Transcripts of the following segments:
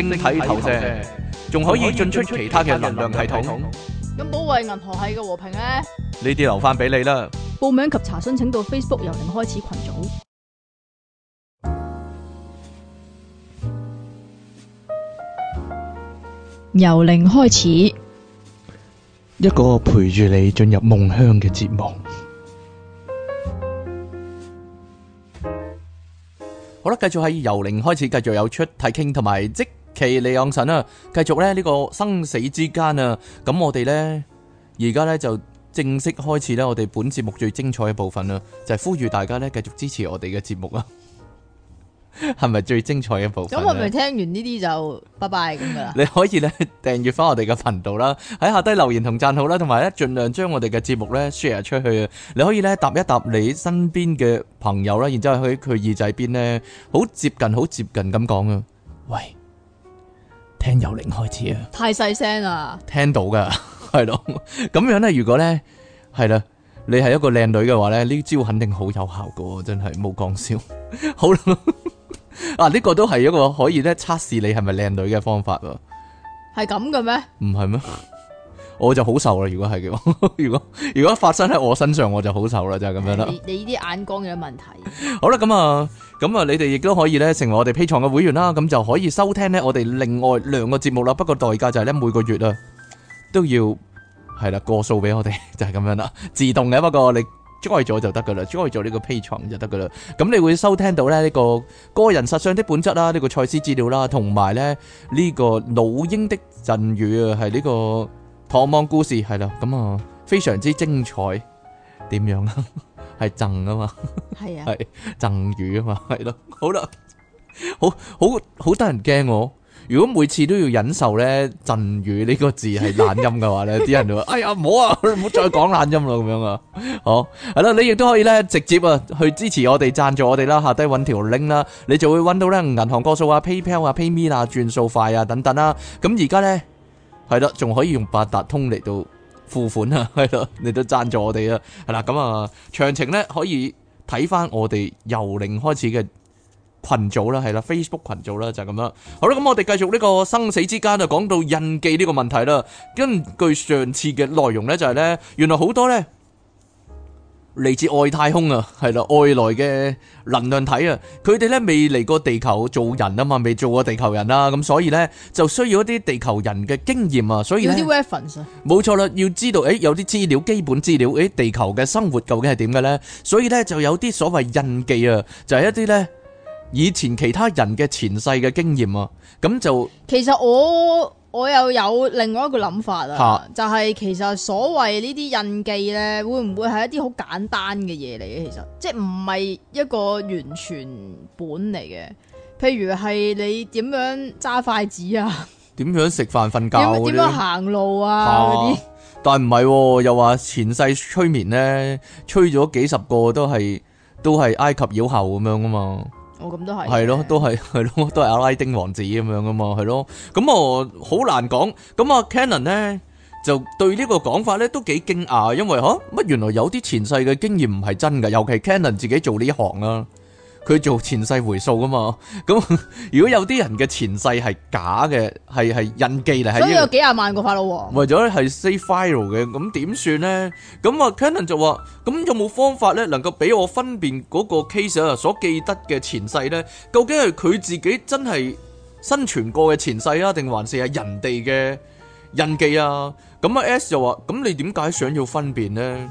晶頭像，仲可以進出其他嘅能量系統。咁保衛銀河系嘅和平咧？呢啲留翻俾你啦。報名及查詢，請到 Facebook 由零開始群組。由零開始，一個陪住你進入夢鄉嘅節目。 好啦，繼續喺由零開始，繼續有出睇傾同埋即。奇里昂神啊，繼續咧呢、這個生死之間啊，咁、嗯、我哋呢，而家呢，就正式開始呢我哋本節目最精彩嘅部分啦，就係、是、呼籲大家呢繼續支持我哋嘅節目啊，係 咪最精彩嘅部分？咁我咪聽完呢啲就拜拜咁噶啦？你可以呢訂閱翻我哋嘅頻道啦，喺下低留言同讚好啦，同埋呢盡量將我哋嘅節目呢 share 出去，啊。你可以呢答一答你身邊嘅朋友啦，然之後喺佢耳仔邊呢，好接近好接近咁講啊，喂！由零開始啊！太細聲啦！聽到噶，係咯，咁樣咧，如果咧，係啦，你係一個靚女嘅話咧，呢招肯定好有效果，真係冇講笑。 好啦了， 啊，呢、這個都係一個可以咧測試你係咪靚女嘅方法喎。係咁嘅咩？唔係咩？ 我就好受啦！如果係嘅，如果如果發生喺我身上，我就好受啦，就係、是、咁樣啦。你啲眼光有啲問題。 好啦，咁啊，咁啊，你哋亦都可以咧成為我哋 P 床嘅會員啦，咁就可以收聽呢，我哋另外兩個節目啦。不過代價就係咧每個月啊都要係啦過數俾我哋，就係、是、咁樣啦，自動嘅。不過你 join 咗就得噶啦，join 咗呢個 P 床就得噶啦。咁你會收聽到咧呢個個人實相的本質啦，呢、這個賽斯資料啦，同埋咧呢個老鷹的贈語啊，係呢、這個。《蚌望故事》係啦，咁啊非常之精彩，點樣 啊？係贈啊嘛，係啊，係贈語啊嘛，係咯。好啦，好好好得人驚喎、哦，如果每次都要忍受咧贈語呢個字係懶音嘅話咧，啲 人就話：哎呀，唔好啊，唔好再講懶音啦，咁樣啊。好，係啦，你亦都可以咧直接啊去支持我哋，贊助我哋啦，下低搵條 link 啦，你就會搵到咧銀行個數啊、PayPal 啊、PayMe 啊，轉數快啊等等啦。咁而家咧。係咯，仲可以用八達通嚟到付款啊，係咯，你都贊助我哋啊，係啦，咁啊，詳情咧可以睇翻我哋由零開始嘅群組啦，係啦，Facebook 群組啦就係咁樣，好啦，咁我哋繼續呢個生死之間啊，講到印記呢個問題啦，根據上次嘅內容咧就係咧，原來好多咧。嚟自外太空啊，係啦，外來嘅能量體啊，佢哋咧未嚟過地球做人啊嘛，未做過地球人啊。咁所以咧就需要一啲地球人嘅經驗啊，所以咧，冇錯啦，要知道誒，有啲資料、基本資料，誒，地球嘅生活究竟係點嘅咧，所以咧就有啲所謂印記啊，就係一啲咧以前其他人嘅前世嘅經驗啊，咁就其實我。我又有另外一個諗法啊，哈就係其實所謂呢啲印記咧，會唔會係一啲好簡單嘅嘢嚟嘅？其實即係唔係一個完全本嚟嘅，譬如係你點樣揸筷子啊，點樣食飯瞓覺嗰啲，點樣行路啊嗰啲。哈些但唔係喎，又話前世催眠咧，催咗幾十個都係都係埃及妖后咁樣㗎嘛。哦，咁都係，係咯，都係，係咯，都係阿拉丁王子咁樣噶嘛，係咯，咁我好難講，咁啊，Canon 咧就對呢個講法咧都幾驚訝，因為嚇乜原來有啲前世嘅經驗唔係真㗎，尤其 Canon 自己做呢行啦。佢做前世回溯噶嘛？咁 如果有啲人嘅前世係假嘅，係係印記嚟，所以有幾十萬個法老王。為咗係 say file 嘅，咁點算咧？咁、嗯、啊，Canon 就話：，咁有冇方法咧，能夠俾我分辨嗰個 case 啊所記得嘅前世咧，究竟係佢自己真係生存過嘅前世啊，定還是係人哋嘅印記啊？咁、嗯、啊，S 就話：，咁你點解想要分辨咧？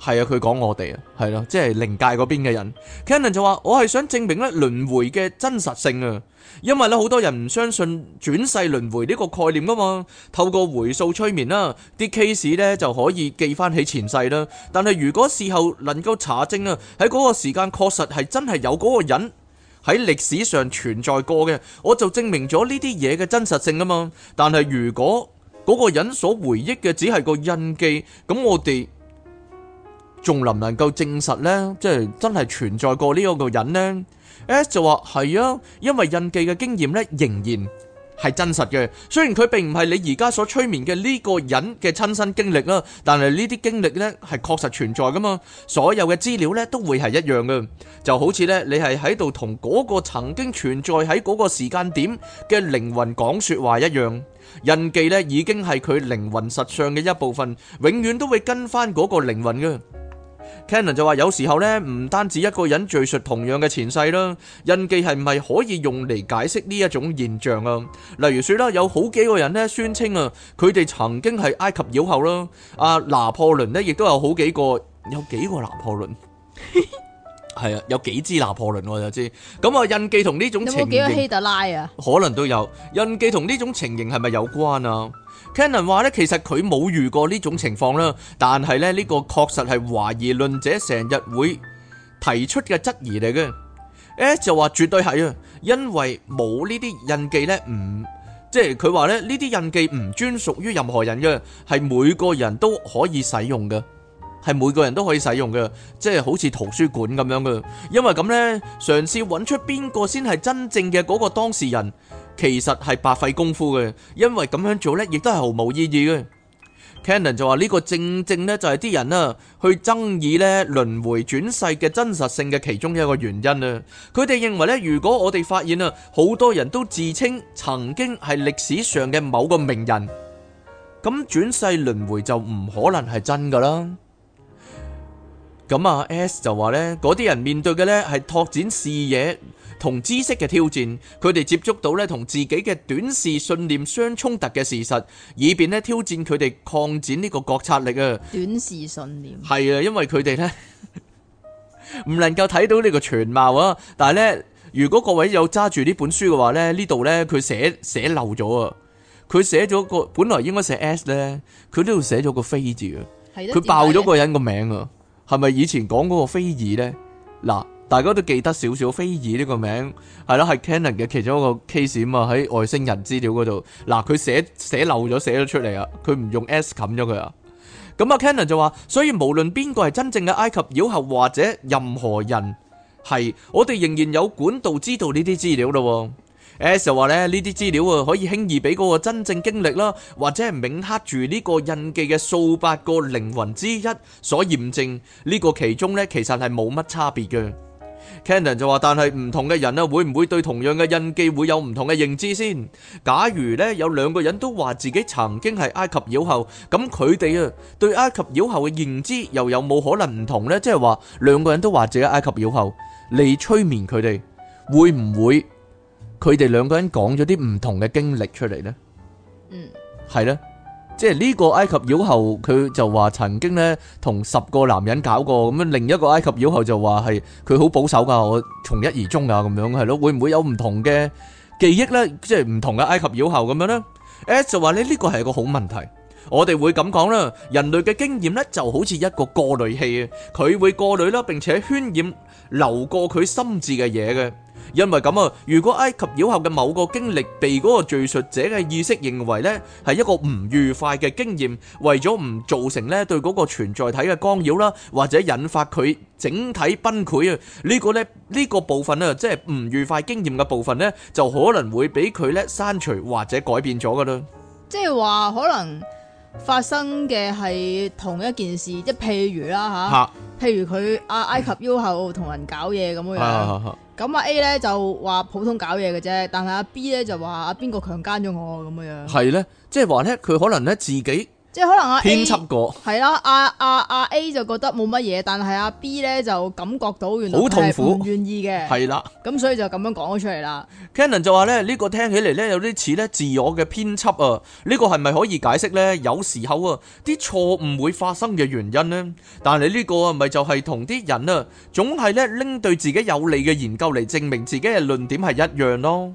係啊，佢講我哋啊，係咯，即係靈界嗰邊嘅人。Cannon 就話：我係想證明咧輪迴嘅真實性啊，因為咧好多人唔相信轉世輪迴呢個概念噶嘛。透過回溯催眠啦，啲 case 咧就可以記翻起前世啦。但係如果事後能夠查證啊，喺嗰個時間確實係真係有嗰個人喺歷史上存在過嘅，我就證明咗呢啲嘢嘅真實性啊嘛。但係如果嗰個人所回憶嘅只係個印記，咁我哋，仲能唔能夠證實呢？即係真係存在過呢個個人呢？S 就話，係啊，因為印記嘅經驗咧仍然係真實嘅。雖然佢並唔係你而家所催眠嘅呢個人嘅親身經歷啦，但係呢啲經歷咧係確實存在噶嘛。所有嘅資料咧都會係一樣噶，就好似咧你係喺度同嗰個曾經存在喺嗰個時間點嘅靈魂講說話一樣。印記咧已經係佢靈魂實上嘅一部分，永遠都會跟翻嗰個靈魂噶。Kenon 就話，有時候咧唔單止一個人敘述同樣嘅前世啦，印記係咪可以用嚟解釋呢一種現象啊？例如說啦，有好幾個人咧宣稱啊，佢哋曾經係埃及妖后啦。阿拿破崙咧，亦都有好幾個，有幾個拿破崙？係啊，有幾支拿破崙我就知。咁啊，印記同呢種有冇見到希特拉啊？可能都有。印記同呢種情形係咪有關啊？Canon 話咧，其實佢冇遇過呢種情況啦，但係咧呢個確實係懷疑論者成日會提出嘅質疑嚟嘅。誒就話絕對係啊，因為冇呢啲印記咧，唔即係佢話咧呢啲印記唔專屬於任何人嘅，係每個人都可以使用嘅，係每個人都可以使用嘅，即係好似圖書館咁樣嘅。因為咁咧，嘗試揾出邊個先係真正嘅嗰個當事人。其實係白費功夫嘅，因為咁樣做咧，亦都係毫無意義嘅。Cannon 就話：呢個正正咧，就係啲人啊，去爭議咧輪迴轉世嘅真實性嘅其中一個原因啦。佢哋認為咧，如果我哋發現啊，好多人都自稱曾經係歷史上嘅某個名人，咁轉世輪迴就唔可能係真㗎啦。咁啊，S 就話咧，嗰啲人面對嘅咧係拓展視野同知識嘅挑戰，佢哋接觸到咧同自己嘅短視信念相衝突嘅事實，以便咧挑戰佢哋擴展呢個覺察力啊。短視信念係啊，因為佢哋咧唔能夠睇到呢個全貌啊。但係咧，如果各位有揸住呢本書嘅話咧，呢度咧佢寫寫漏咗啊。佢寫咗個本來應該寫 S 咧，佢都要寫咗個非字啊。佢的爆咗個人個名啊。係咪的的以前講嗰個非議咧？嗱。大家都記得少少菲爾呢個名係啦，係 Canon 嘅其中一個 case 啊嘛，喺外星人資料嗰度。嗱、啊，佢寫寫漏咗，寫咗出嚟啊！佢唔用 S 冚咗佢啊。咁、嗯、啊，Canon 就話：所以無論邊個係真正嘅埃及妖后，或者任何人係，我哋仍然有管道知道呢啲資料咯。S 就話咧：呢啲資料啊，可以輕易俾嗰個真正經歷啦，或者係銘刻住呢個印記嘅數百個靈魂之一所驗證。呢、這個其中咧，其實係冇乜差別嘅。Cannon 就話：但係唔同嘅人啊，會唔會對同樣嘅印記會有唔同嘅認知先？假如咧有兩個人都話自己曾經係埃及妖后，咁佢哋啊對埃及妖后嘅認知又有冇可能唔同呢？即係話兩個人都話自己埃及妖后，你催眠佢哋，會唔會佢哋兩個人講咗啲唔同嘅經歷出嚟呢？嗯，係呢。即係呢個埃及妖后，佢就話曾經咧同十個男人搞過咁樣。另一個埃及妖后就話係佢好保守噶，我從一而終噶咁樣，係咯？會唔會有唔同嘅記憶咧？即係唔同嘅埃及妖后咁樣咧？S 就話咧，呢個係一個好問題。我哋會咁講啦，人類嘅經驗咧就好似一個過濾器啊，佢會過濾啦，並且渲染流過佢心智嘅嘢嘅。因為咁啊，如果埃及妖后嘅某個經歷被嗰個敍述者嘅意識認為咧，係一個唔愉快嘅經驗，為咗唔造成咧對嗰個存在體嘅干擾啦，或者引發佢整體崩潰啊，呢個咧呢個部分啊，即係唔愉快經驗嘅部分咧，就可能會俾佢咧刪除或者改變咗噶啦。即係話可能。發生嘅係同一件事，即係譬如啦吓，譬如佢阿埃及要后同人搞嘢咁樣樣，咁阿 A 咧就話普通搞嘢嘅啫，但係阿 B 咧就話阿邊個強奸咗我咁樣樣，係咧，即係話咧佢可能咧自己。即係可能阿 A 編輯過，係啦，阿阿阿 A 就覺得冇乜嘢，但係阿 B 咧就感覺到原來好痛苦，唔願意嘅，係啦，咁所以就咁樣講咗出嚟啦。Canon 就話咧，呢個聽起嚟咧有啲似咧自我嘅編輯啊，呢個係咪可以解釋咧有時候啊啲錯誤會發生嘅原因咧？但係呢個咪就係同啲人啊，總係咧拎對自己有利嘅研究嚟證明自己嘅論點係一樣咯。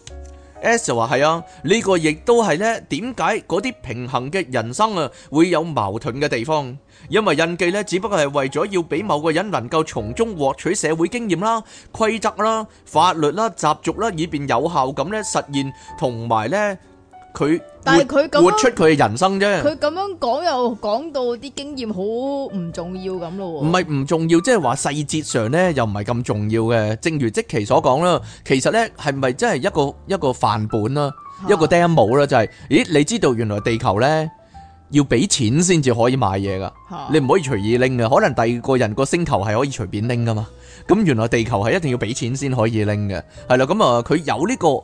S 就話係啊，呢個亦都係呢點解嗰啲平衡嘅人生啊會有矛盾嘅地方？因為印記呢，只不過係為咗要俾某個人能夠從中獲取社會經驗啦、規則啦、法律啦、習俗啦，以便有效咁咧實現同埋咧。佢他但係佢咁活出佢嘅人生啫。佢咁樣講又講到啲經驗好唔重要咁咯。唔係唔重要，即係話細節上咧又唔係咁重要嘅。正如積奇所講啦，其實咧係咪真係一個一個範本啦、啊，啊、一個 demo 啦、啊，就係、是、咦？你知道原來地球咧要俾錢先至可以買嘢噶，啊、你唔可以隨意拎噶。可能第二個人個星球係可以隨便拎噶嘛。咁原來地球係一定要俾錢先可以拎嘅。係啦，咁、嗯、啊，佢有呢、這個。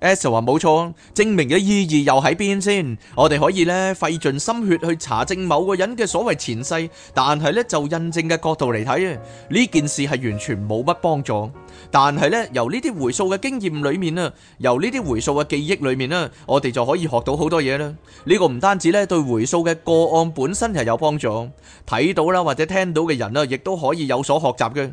S 就話冇錯，證明嘅意義又喺邊先？我哋可以呢費盡心血去查證某個人嘅所謂前世，但係呢就印證嘅角度嚟睇啊，呢件事係完全冇乜幫助。但係呢，由呢啲回溯嘅經驗裏面啊，由呢啲回溯嘅記憶裏面啦，我哋就可以學到好多嘢啦。呢、呢個唔單止呢對回溯嘅個案本身係有幫助，睇到啦或者聽到嘅人呢，亦都可以有所學習嘅。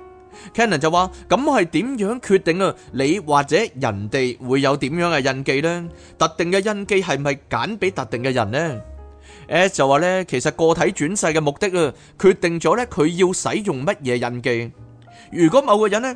Canon 就話咁係點樣決定啊？你或者人哋會有點樣嘅印記呢？特定嘅印記係咪揀俾特定嘅人呢？誒就話呢，其實個體轉世嘅目的啊，決定咗呢，佢要使用乜嘢印記。如果某個人呢。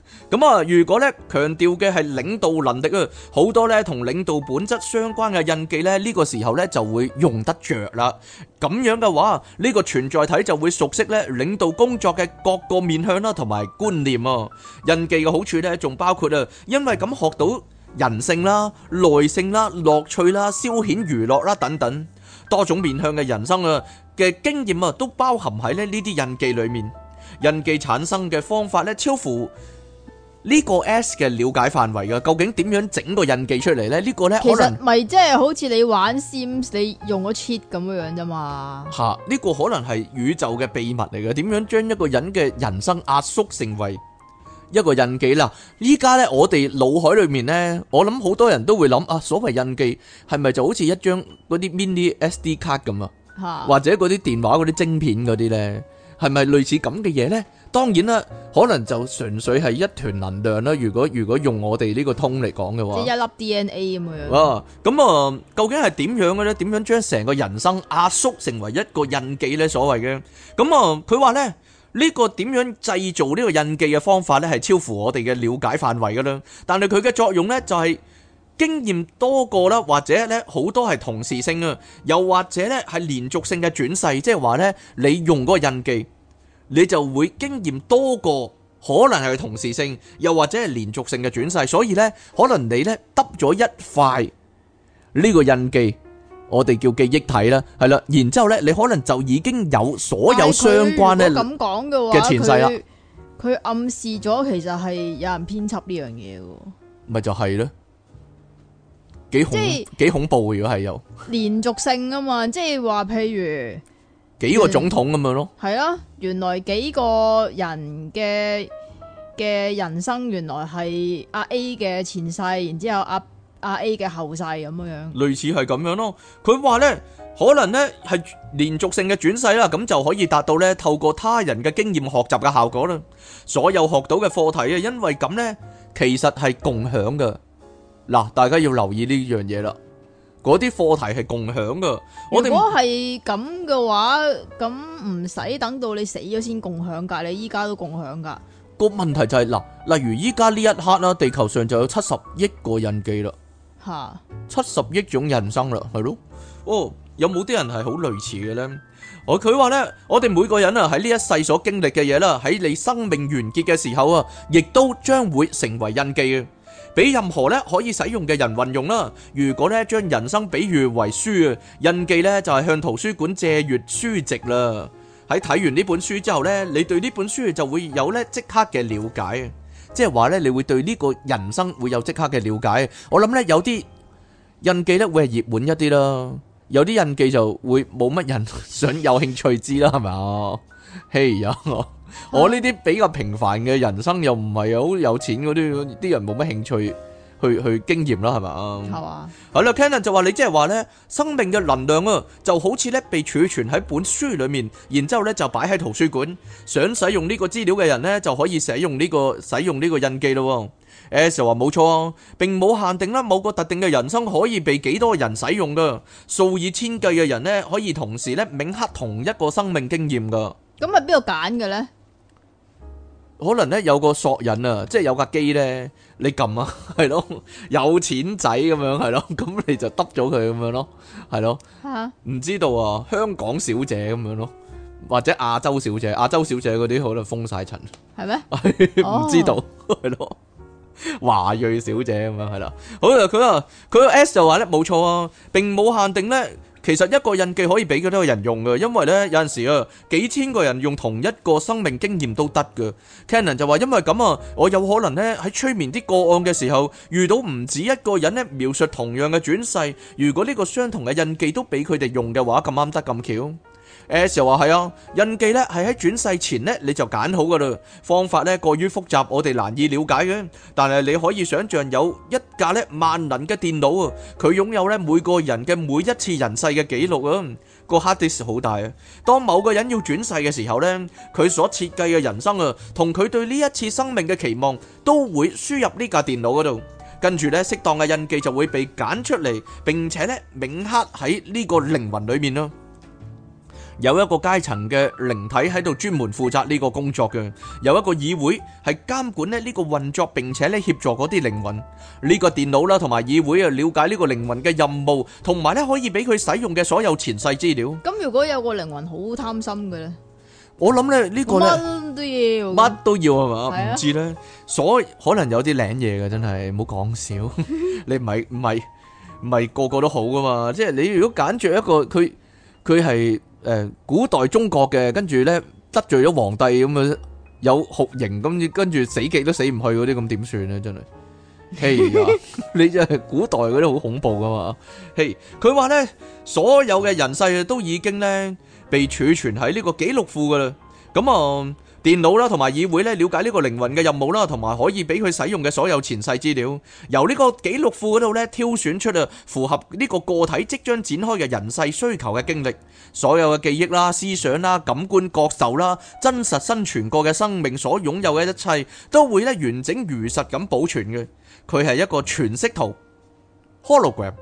咁啊，如果咧強調嘅係領導能力啊，好多咧同領導本質相關嘅印記咧，呢個時候咧就會用得着啦。咁樣嘅話，呢個存在體就會熟悉咧領導工作嘅各個面向啦，同埋觀念啊。印記嘅好處咧，仲包括啊，因為咁學到人性啦、耐性啦、樂趣啦、消遣娛樂啦等等多種面向嘅人生啊嘅經驗啊，都包含喺咧呢啲印記裏面。印記產生嘅方法咧，超乎呢個 S 嘅了解範圍噶究竟點樣整個印記出嚟咧？這個、呢個咧，其實咪即係好似你玩 Sim，你用咗 cheat 咁樣樣啫嘛。吓、啊，呢、這個可能係宇宙嘅秘密嚟嘅，點樣將一個人嘅人生壓縮成為一個印記啦？依家咧，我哋腦海裏面咧，我諗好多人都會諗啊，所謂印記係咪就好似一張嗰啲 mini SD 卡咁啊？吓，或者嗰啲電話嗰啲晶片嗰啲咧，係咪類似咁嘅嘢咧？當然啦，可能就純粹係一團能量啦。如果如果用我哋呢個通嚟講嘅話，即一粒 DNA 咁嘅樣。哇！咁啊，究竟係點樣嘅咧？點樣將成個人生壓縮成為一個印記咧？所謂嘅咁啊，佢話咧呢個點樣製造呢個印記嘅方法咧係超乎我哋嘅瞭解範圍㗎啦。但係佢嘅作用咧就係經驗多過啦，或者咧好多係同時性啊，又或者咧係連續性嘅轉世，即係話咧你用嗰個印記。你就會經驗多個可能係同時性，又或者係連續性嘅轉世，所以呢，可能你呢揼咗一塊呢個印記，我哋叫記憶體啦，係啦，然之後呢，你可能就已經有所有相關咧嘅前世啦。佢暗示咗其實係有人編輯呢樣嘢嘅，咪就係咯，幾恐幾恐怖嘅，如果係有連續性啊嘛，即係話譬如。幾個總統咁樣咯，係啊，原來幾個人嘅嘅人生原來係阿 A 嘅前世，然之後阿阿 A 嘅後世咁樣樣，類似係咁樣咯。佢話呢，可能呢係連續性嘅轉世啦，咁就可以達到呢透過他人嘅經驗學習嘅效果啦。所有學到嘅課題啊，因為咁呢，其實係共享噶。嗱，大家要留意呢樣嘢啦。嗰啲課題係共享噶。我哋如果係咁嘅話，咁唔使等到你死咗先共享噶，你依家都共享噶。個問題就係嗱，例如依家呢一刻啦，地球上就有七十億個印記啦，吓，七十億種人生啦，係咯。哦，有冇啲人係好類似嘅呢？哦，佢話呢，我哋每個人啊喺呢一世所經歷嘅嘢啦，喺你生命完結嘅時候啊，亦都將會成為印記啊。俾任何咧，可以使用嘅人運用啦。如果咧，將人生比喻為書，印記咧，就係向圖書館借閱書籍啦。喺睇完呢本書之後咧，你對呢本書就會有咧即刻嘅了解，即係話咧，你會對呢個人生會有即刻嘅了解。我諗咧，有啲印記咧會係熱門一啲啦，有啲印記就會冇乜人想有興趣知啦，係咪啊？嘿呀！啊、我呢啲比較平凡嘅人生又唔係好有錢嗰啲，啲人冇乜興趣去去經驗啦，係咪？係 OK. 啊。係啦、啊、，Cannon 就話：你即係話呢，生命嘅能量啊，就好似呢，被儲存喺本書裏面，然之後呢，就擺喺圖書館，想使用呢個資料嘅人呢，就可以使用呢、呢個使用呢個印記咯。S 就話冇錯啊，並冇限定啦，某個特定嘅人生可以被幾多人使用噶，數以千計嘅人呢，可以同時呢，銘刻同一個生命經驗噶。咁啊，邊個揀嘅呢？可能咧有個索引啊，即係有架機咧，你撳啊，係咯，有錢仔咁樣係咯，咁你就得咗佢咁樣咯，係咯，啊、唔知道啊，香港小姐咁樣咯，或者亞洲小姐、亞洲小姐嗰啲可能封晒塵，係咩嗎？唔 知道，係咯、oh.，華裔小姐咁樣係啦。好啦，佢啊，佢個 S 就話咧，冇錯啊，並冇限定咧。其實一個印記可以俾幾多個人用㗎，因為呢，有陣時啊，幾千個人用同一個生命經驗都得㗎。Canon 就話因為咁啊，我有可能呢，喺催眠啲個案嘅時候遇到唔止一個人呢，描述同樣嘅轉世，如果呢個相同嘅印記都俾佢哋用嘅話，咁啱得咁巧。S 又話係啊，印記咧係喺轉世前咧你就揀好噶啦，方法咧過於複雜，我哋難以了解嘅。但係你可以想象有一架咧萬能嘅電腦啊，佢擁有咧每個人嘅每一次人世嘅記錄啊，個 hard disk 好大啊。當某個人要轉世嘅時候咧，佢所設計嘅人生啊，同佢對呢一次生命嘅期望都會輸入呢架電腦嗰度，跟住咧適當嘅印記就會被揀出嚟，並且咧銘刻喺呢個靈魂裏面咯。有一個階層嘅靈體喺度專門負責呢個工作嘅，有一個議會係監管咧呢個運作，並且咧協助嗰啲靈魂呢個電腦啦，同埋議會啊了解呢個靈魂嘅任務，同埋咧可以俾佢使用嘅所有前世資料。咁如果有個靈魂好貪心嘅咧，我諗咧呢個咧乜都要，乜都要係嘛？唔知咧，所可能有啲靚嘢嘅真係，唔好講笑。你唔係唔係唔係個個都好噶嘛？即係你如果揀著一個佢佢係。誒、呃，古代中國嘅，跟住咧得罪咗皇帝咁啊，有酷刑咁，跟住死極都死唔去嗰啲，咁點算咧？真係，嘿啊，你真係古代嗰啲好恐怖噶嘛，嘿，佢話咧所有嘅人世都已經咧被儲存喺呢個記錄庫噶啦，咁啊。電腦啦，同埋議會咧，瞭解呢個靈魂嘅任務啦，同埋可以俾佢使用嘅所有前世資料，由呢個記錄庫嗰度咧挑選出啊，符合呢個個體即將展開嘅人世需求嘅經歷，所有嘅記憶啦、思想啦、感官覺受啦、真實生存過嘅生命所擁有嘅一切，都會咧完整如實咁保存嘅。佢係一個全息圖 （Hologram）。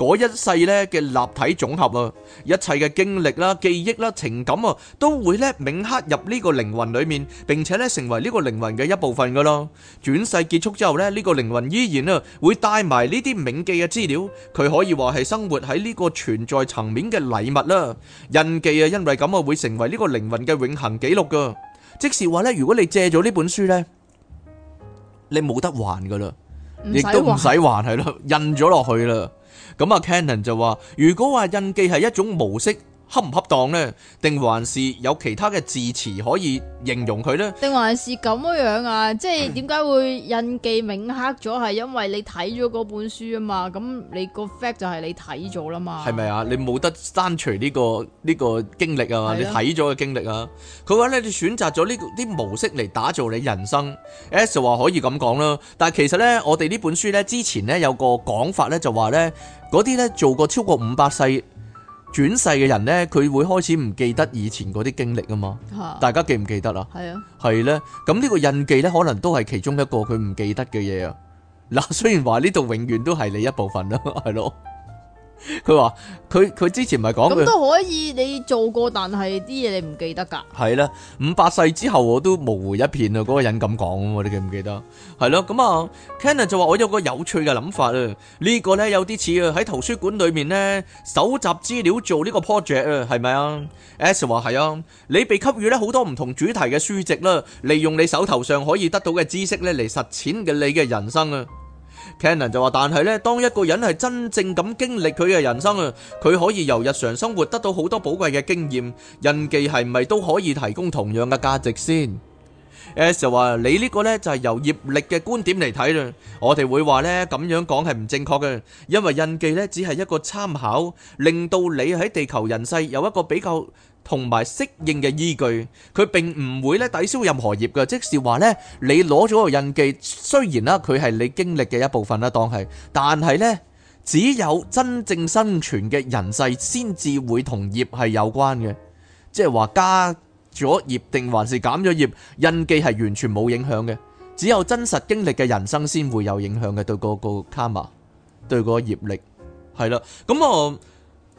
嗰一世咧嘅立體總合啊，一切嘅經歷啦、記憶啦、情感啊，都會咧銘刻入呢個靈魂裏面，並且咧成為呢個靈魂嘅一部分噶咯。轉世結束之後咧，呢個靈魂依然啊會帶埋呢啲銘記嘅資料，佢可以話係生活喺呢個存在層面嘅禮物啦。印記啊，因為咁啊會成為呢個靈魂嘅永恆記錄噶。即是話咧，如果你借咗呢本書呢，你冇得還噶啦，亦都唔使還係咯，印咗落去啦。咁啊，Canon 就話，如果話印記係一種模式。恰唔恰當咧？定還是有其他嘅字詞可以形容佢咧？定還是咁樣啊？即係點解會印記銘刻咗？係 因為你睇咗嗰本書啊嘛，咁你個 fact 就係你睇咗啦嘛。係咪啊？你冇得刪除呢個呢個經歷啊嘛？你睇咗嘅經歷啊？佢話咧，你選擇咗呢啲模式嚟打造你人生。S 話可以咁講啦，但係其實咧，我哋呢本書咧之前咧有個講法咧就話咧，嗰啲咧做過超過五百世。轉世嘅人呢，佢會開始唔記得以前嗰啲經歷啊嘛，啊大家記唔記得啊？係啊，係呢。咁呢個印記呢，可能都係其中一個佢唔記得嘅嘢啊。嗱、啊，雖然話呢度永遠都係你一部分啦、啊，係咯。佢話佢佢之前咪講，咁都可以，你做過，但係啲嘢，你唔記得噶。係啦，五百世之後我都模糊一片啊！嗰個人咁講，我哋記唔記得？係咯，咁啊 Cannon 就話我有個有趣嘅諗法啊！呢、呢個咧有啲似啊喺圖書館裏面咧搜集資料做呢個 project 啊，係咪啊？S 話係啊，你被給予咧好多唔同主題嘅書籍啦，利用你手頭上可以得到嘅知識咧嚟實踐緊你嘅人生啊！Canon 就話，但係咧，當一個人係真正咁經歷佢嘅人生啊，佢可以由日常生活得到好多寶貴嘅經驗，印記係咪都可以提供同樣嘅價值先？S 就話，你呢個咧就係由業力嘅觀點嚟睇啦，我哋會話咧咁樣講係唔正確嘅，因為印記咧只係一個參考，令到你喺地球人世有一個比較。同埋適應嘅依據，佢並唔會咧抵消任何業嘅，即是話呢你攞咗個印記，雖然啦，佢係你經歷嘅一部分啦，當係，但係呢，只有真正生存嘅人世，先至會同業係有關嘅，即係話加咗業定還是減咗業，印記係完全冇影響嘅，只有真實經歷嘅人生先會有影響嘅，對嗰個卡嘛，對嗰個業力，係啦，咁我。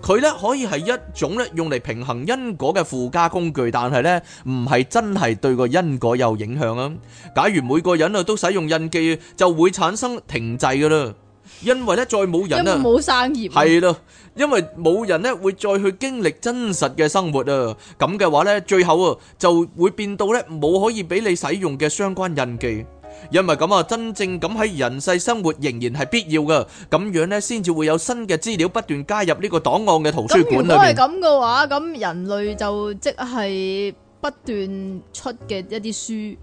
佢咧可以係一種咧用嚟平衡因果嘅附加工具，但係咧唔係真係對個因果有影響啊！假如每個人啊都使用印記，就會產生停滯噶啦，因為咧再冇人啊，冇生意係啦，因為冇人咧會再去經歷真實嘅生活啊！咁嘅話咧，最後啊就會變到咧冇可以俾你使用嘅相關印記。因為咁啊，真正咁喺人世生活仍然係必要㗎，咁樣呢，先至會有新嘅資料不斷加入呢個檔案嘅圖書館裏邊。咁如果係咁嘅話，咁人類就即係不斷出嘅一啲書，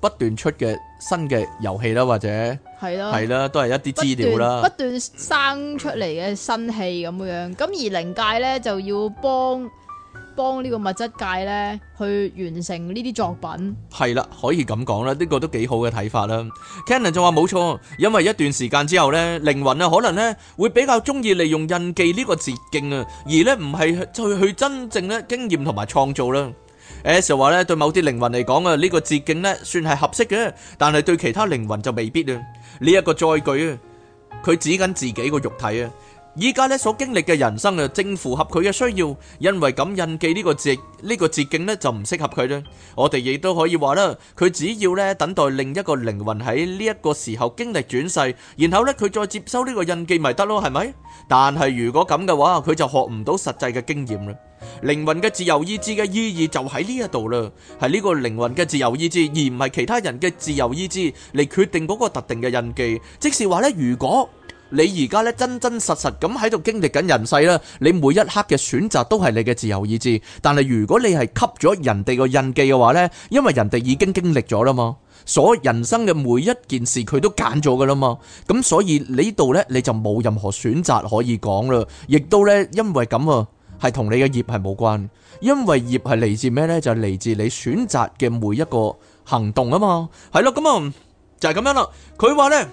不斷出嘅新嘅遊戲啦，或者係啦，係啦的的，都係一啲資料啦，不斷生出嚟嘅新戲咁樣。咁而靈界呢，就要幫。幫呢個物質界咧，去完成呢啲作品。係啦，可以咁講啦，呢、這個都幾好嘅睇法啦。Canon 就話冇錯，因為一段時間之後咧，靈魂咧可能咧會比較中意利用印記呢個捷徑啊，而咧唔係再去真正咧經驗同埋創造啦。S 就話咧，對某啲靈魂嚟講啊，呢、這個捷徑咧算係合適嘅，但係對其他靈魂就未必啊。呢、這、一個載具，啊，佢指緊自己個肉體啊。依家咧所經歷嘅人生啊，正符合佢嘅需要，因為咁印記呢個捷呢個捷徑咧就唔適合佢啦。我哋亦都可以話啦，佢只要咧等待另一個靈魂喺呢一個時候經歷轉世，然後咧佢再接收呢個印記咪得咯，係咪？但係如果咁嘅話，佢就學唔到實際嘅經驗啦。靈魂嘅自由意志嘅意義就喺呢一度啦，係呢個靈魂嘅自由意志，而唔係其他人嘅自由意志嚟決定嗰個特定嘅印記，即是話咧，如果。你而家咧真真實實咁喺度經歷緊人世啦，你每一刻嘅選擇都係你嘅自由意志。但係如果你係吸咗人哋個印記嘅話呢，因為人哋已經經歷咗啦嘛，所以人生嘅每一件事佢都揀咗噶啦嘛，咁所以呢度呢，你就冇任何選擇可以講啦，亦都呢，因為咁啊係同你嘅業係冇關，因為業係嚟自咩呢？就係嚟自你選擇嘅每一個行動啊嘛，係咯，咁 啊 就係、是、咁樣啦。佢話呢。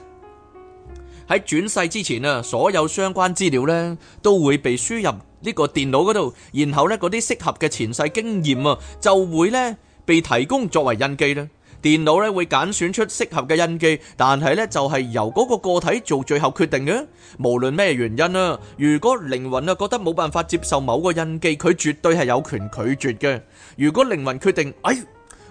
喺轉世之前啊，所有相關資料咧都會被輸入呢個電腦嗰度，然後咧嗰啲適合嘅前世經驗啊，就會咧被提供作為印記啦。電腦咧會揀選出適合嘅印記，但係咧就係由嗰個個體做最後決定嘅。無論咩原因啊，如果靈魂啊覺得冇辦法接受某個印記，佢絕對係有權拒絕嘅。如果靈魂決定，哎。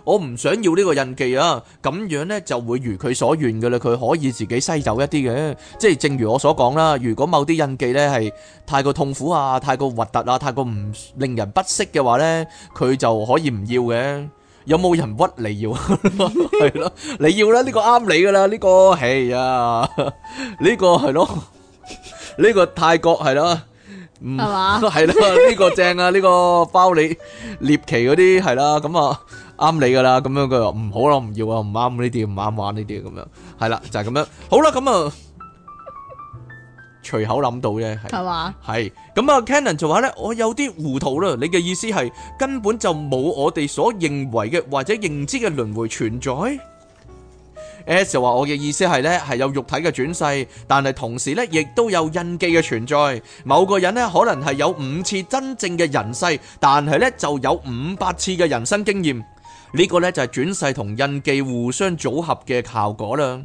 我唔想要呢個印記啊，咁樣咧就會如佢所願噶啦，佢可以自己篩走一啲嘅，即係正如我所講啦。如果某啲印記咧係太過痛苦啊、太過核突啊、太過唔令人不適嘅話咧，佢就可以唔要嘅。有冇人屈你要？係咯，你要啦，呢個啱你噶啦，呢個係啊，呢個係咯，呢個泰國係啦，係嘛，係啦，呢個正啊，呢個包你獵奇嗰啲係啦，咁啊。啱你噶啦，咁樣佢話唔好咯，唔要啊，唔啱呢啲，唔啱玩呢啲咁樣，係啦，就係咁樣。好啦，咁啊，隨口諗到啫，係嘛？係咁啊，Canon 就話咧，我有啲糊塗啦，你嘅意思係根本就冇我哋所認為嘅或者認知嘅輪迴存在。S 就話我嘅意思係咧，係有肉體嘅轉世，但係同時咧，亦都有印記嘅存在。某個人咧，可能係有五次真正嘅人世，但係咧就有五百次嘅人生經驗。呢個呢就係轉世同印記互相組合嘅效果啦。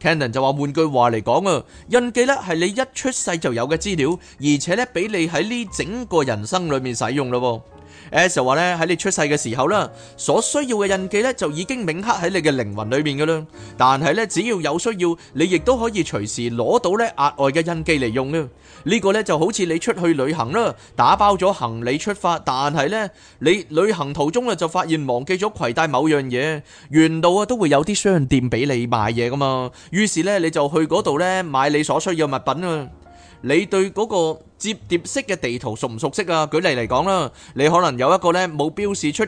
Cannon 就話，換句話嚟講啊，印記呢係你一出世就有嘅資料，而且呢俾你喺呢整個人生裡面使用咯。S, S 就話咧，喺你出世嘅時候啦，所需要嘅印記咧就已經銘刻喺你嘅靈魂裏面噶啦。但係咧，只要有需要，你亦都可以隨時攞到咧額外嘅印記嚟用噶。呢、呢個咧就好似你出去旅行啦，打包咗行李出發，但係咧你旅行途中啊就發現忘記咗攜帶某樣嘢，沿路啊都會有啲商店俾你買嘢噶嘛。於是咧你就去嗰度咧買你所需要物品啊。你對嗰、嗰個。摺疊式嘅地圖熟唔熟悉啊？舉例嚟講啦，你可能有一個咧冇標示出。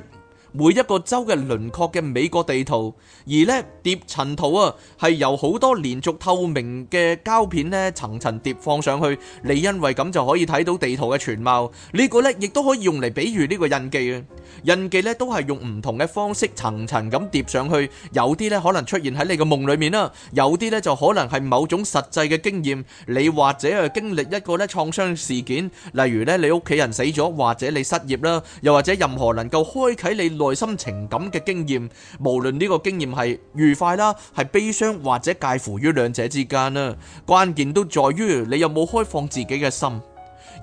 每一個州嘅輪廓嘅美國地圖，而咧疊層圖啊，係由好多連續透明嘅膠片咧層層疊放上去，你因為咁就可以睇到地圖嘅全貌。呢個咧亦都可以用嚟比喻呢個印記啊，印記咧都係用唔同嘅方式層層咁疊上去，有啲咧可能出現喺你嘅夢裏面啦，有啲咧就可能係某種實際嘅經驗，你或者係經歷一個咧創傷事件，例如咧你屋企人死咗，或者你失業啦，又或者任何能夠開啟你內心情感嘅經驗，無論呢個經驗係愉快啦，係悲傷或者介乎於兩者之間啦，關鍵都在於你有冇開放自己嘅心，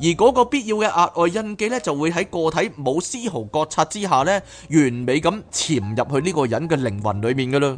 而嗰個必要嘅額外印記呢，就會喺個體冇絲毫覺察之下呢，完美咁潛入去呢個人嘅靈魂裏面噶啦。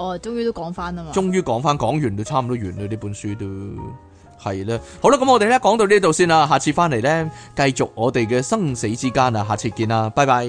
哦，終於都講翻啊嘛！終於講翻，講完都差唔多完啦。呢本書都係啦。好啦，咁我哋咧講到呢度先啦。下次翻嚟咧，繼續我哋嘅生死之間啊！下次見啦，拜拜。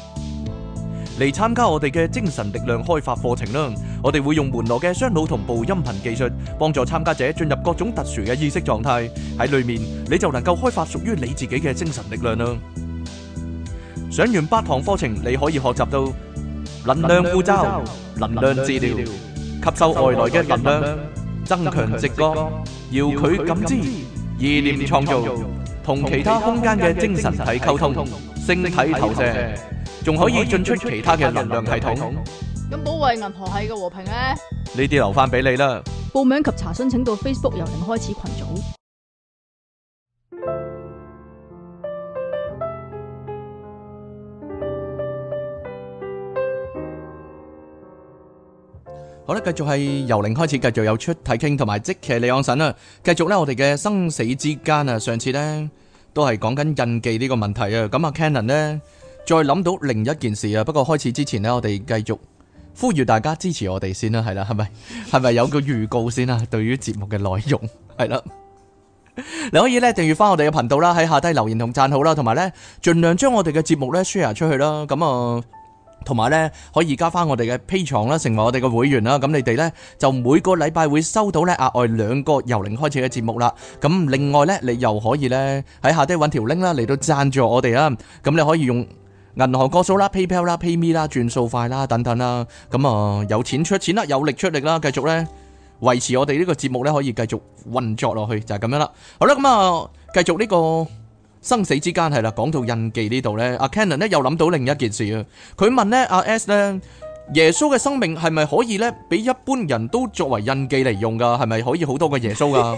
嚟參加我哋嘅精神力量開發課程啦！我哋會用門羅嘅雙腦同步音頻技術，幫助參加者進入各種特殊嘅意識狀態。喺裏面，你就能夠開發屬於你自己嘅精神力量啦！上完八堂課程，你可以學習到能量護罩、能量治療、吸收外來嘅能量、增強直覺、遙距感知、意念創造、同其他空間嘅精神體溝通、星體投射。仲可以進出其他嘅能量系統。咁保衛銀河系嘅和平咧？呢啲留翻俾你啦。報名及查詢請到 Facebook 由零開始群組。好啦，繼續係由零開始，繼續有出體傾，同埋即騎李安神啊！繼續咧，我哋嘅生死之間啊，上次咧都係講緊印記呢個問題啊，咁啊，Canon 咧。再諗到另一件事啊！不過開始之前呢，我哋繼續呼籲大家支持我哋先啦，啊，係啦，係咪？係咪有個預告先啦，啊？ 對於節目嘅內容，係啦， 你可以呢訂閱翻我哋嘅頻道啦，喺下低留言同讚好啦，同埋呢，盡量將我哋嘅節目呢 share 出去啦。咁啊，同埋呢，可以加翻我哋嘅 Patreon 啦，成為我哋嘅會員啦。咁你哋呢，就每個禮拜會收到呢額外兩個由零開始嘅節目啦。咁另外呢，你又可以呢，喺下低搵條 link 啦，嚟到贊助我哋啊！咁你可以用。銀行過數啦，PayPal 啦，PayMe 啦，轉數快啦，等等啦，咁啊有錢出錢啦，有力出力啦，繼續咧維持我哋呢個節目咧可以繼續運作落去就係咁樣啦。好啦，咁啊繼續呢個生死之間係啦，講到印記呢度咧，阿 Cannon 咧又諗到另一件事啊。佢問咧阿 S 咧，耶穌嘅生命係咪可以咧，畀一般人都作為印記嚟用噶？係咪可以好多個耶穌噶？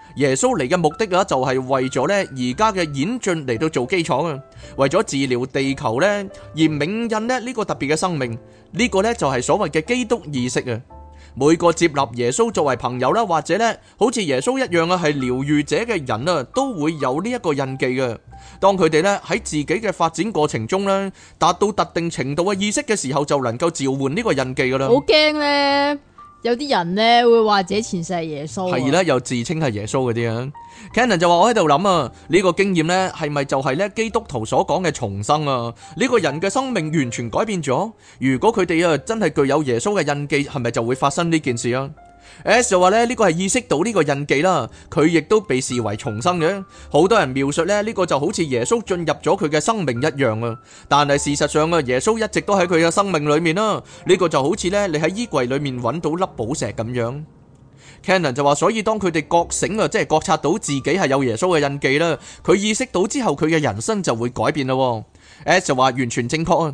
耶穌嚟嘅目的啊，就係為咗咧而家嘅演進嚟到做基礎啊，為咗治療地球咧而銘印咧呢個特別嘅生命，呢個咧就係所謂嘅基督意識啊。每個接納耶穌作為朋友啦，或者咧好似耶穌一樣嘅係療愈者嘅人啊，都會有呢一個印記嘅。當佢哋咧喺自己嘅發展過程中咧達到特定程度嘅意識嘅時候，就能夠召喚呢個印記噶啦。好驚咧！有啲人咧會話自己前世係耶穌，係啦，又自稱係耶穌嗰啲啊。Canon 就話：我喺度諗啊，呢個經驗咧係咪就係咧基督徒所講嘅重生啊？呢個人嘅生命完全改變咗。如果佢哋啊真係具有耶穌嘅印記，係咪就會發生呢件事啊？S 就話咧，呢個係意識到呢個印記啦，佢亦都被視為重生嘅。好多人描述咧呢、這個就好似耶穌進入咗佢嘅生命一樣啊！但係事實上啊，耶穌一直都喺佢嘅生命裏面啦。呢、這個就好似咧你喺衣櫃裏面揾到粒寶石咁樣。Cannon 就話，所以當佢哋覺醒啊，即、就、係、是、覺察到自己係有耶穌嘅印記啦，佢意識到之後，佢嘅人生就會改變啦。S 就話完全正確。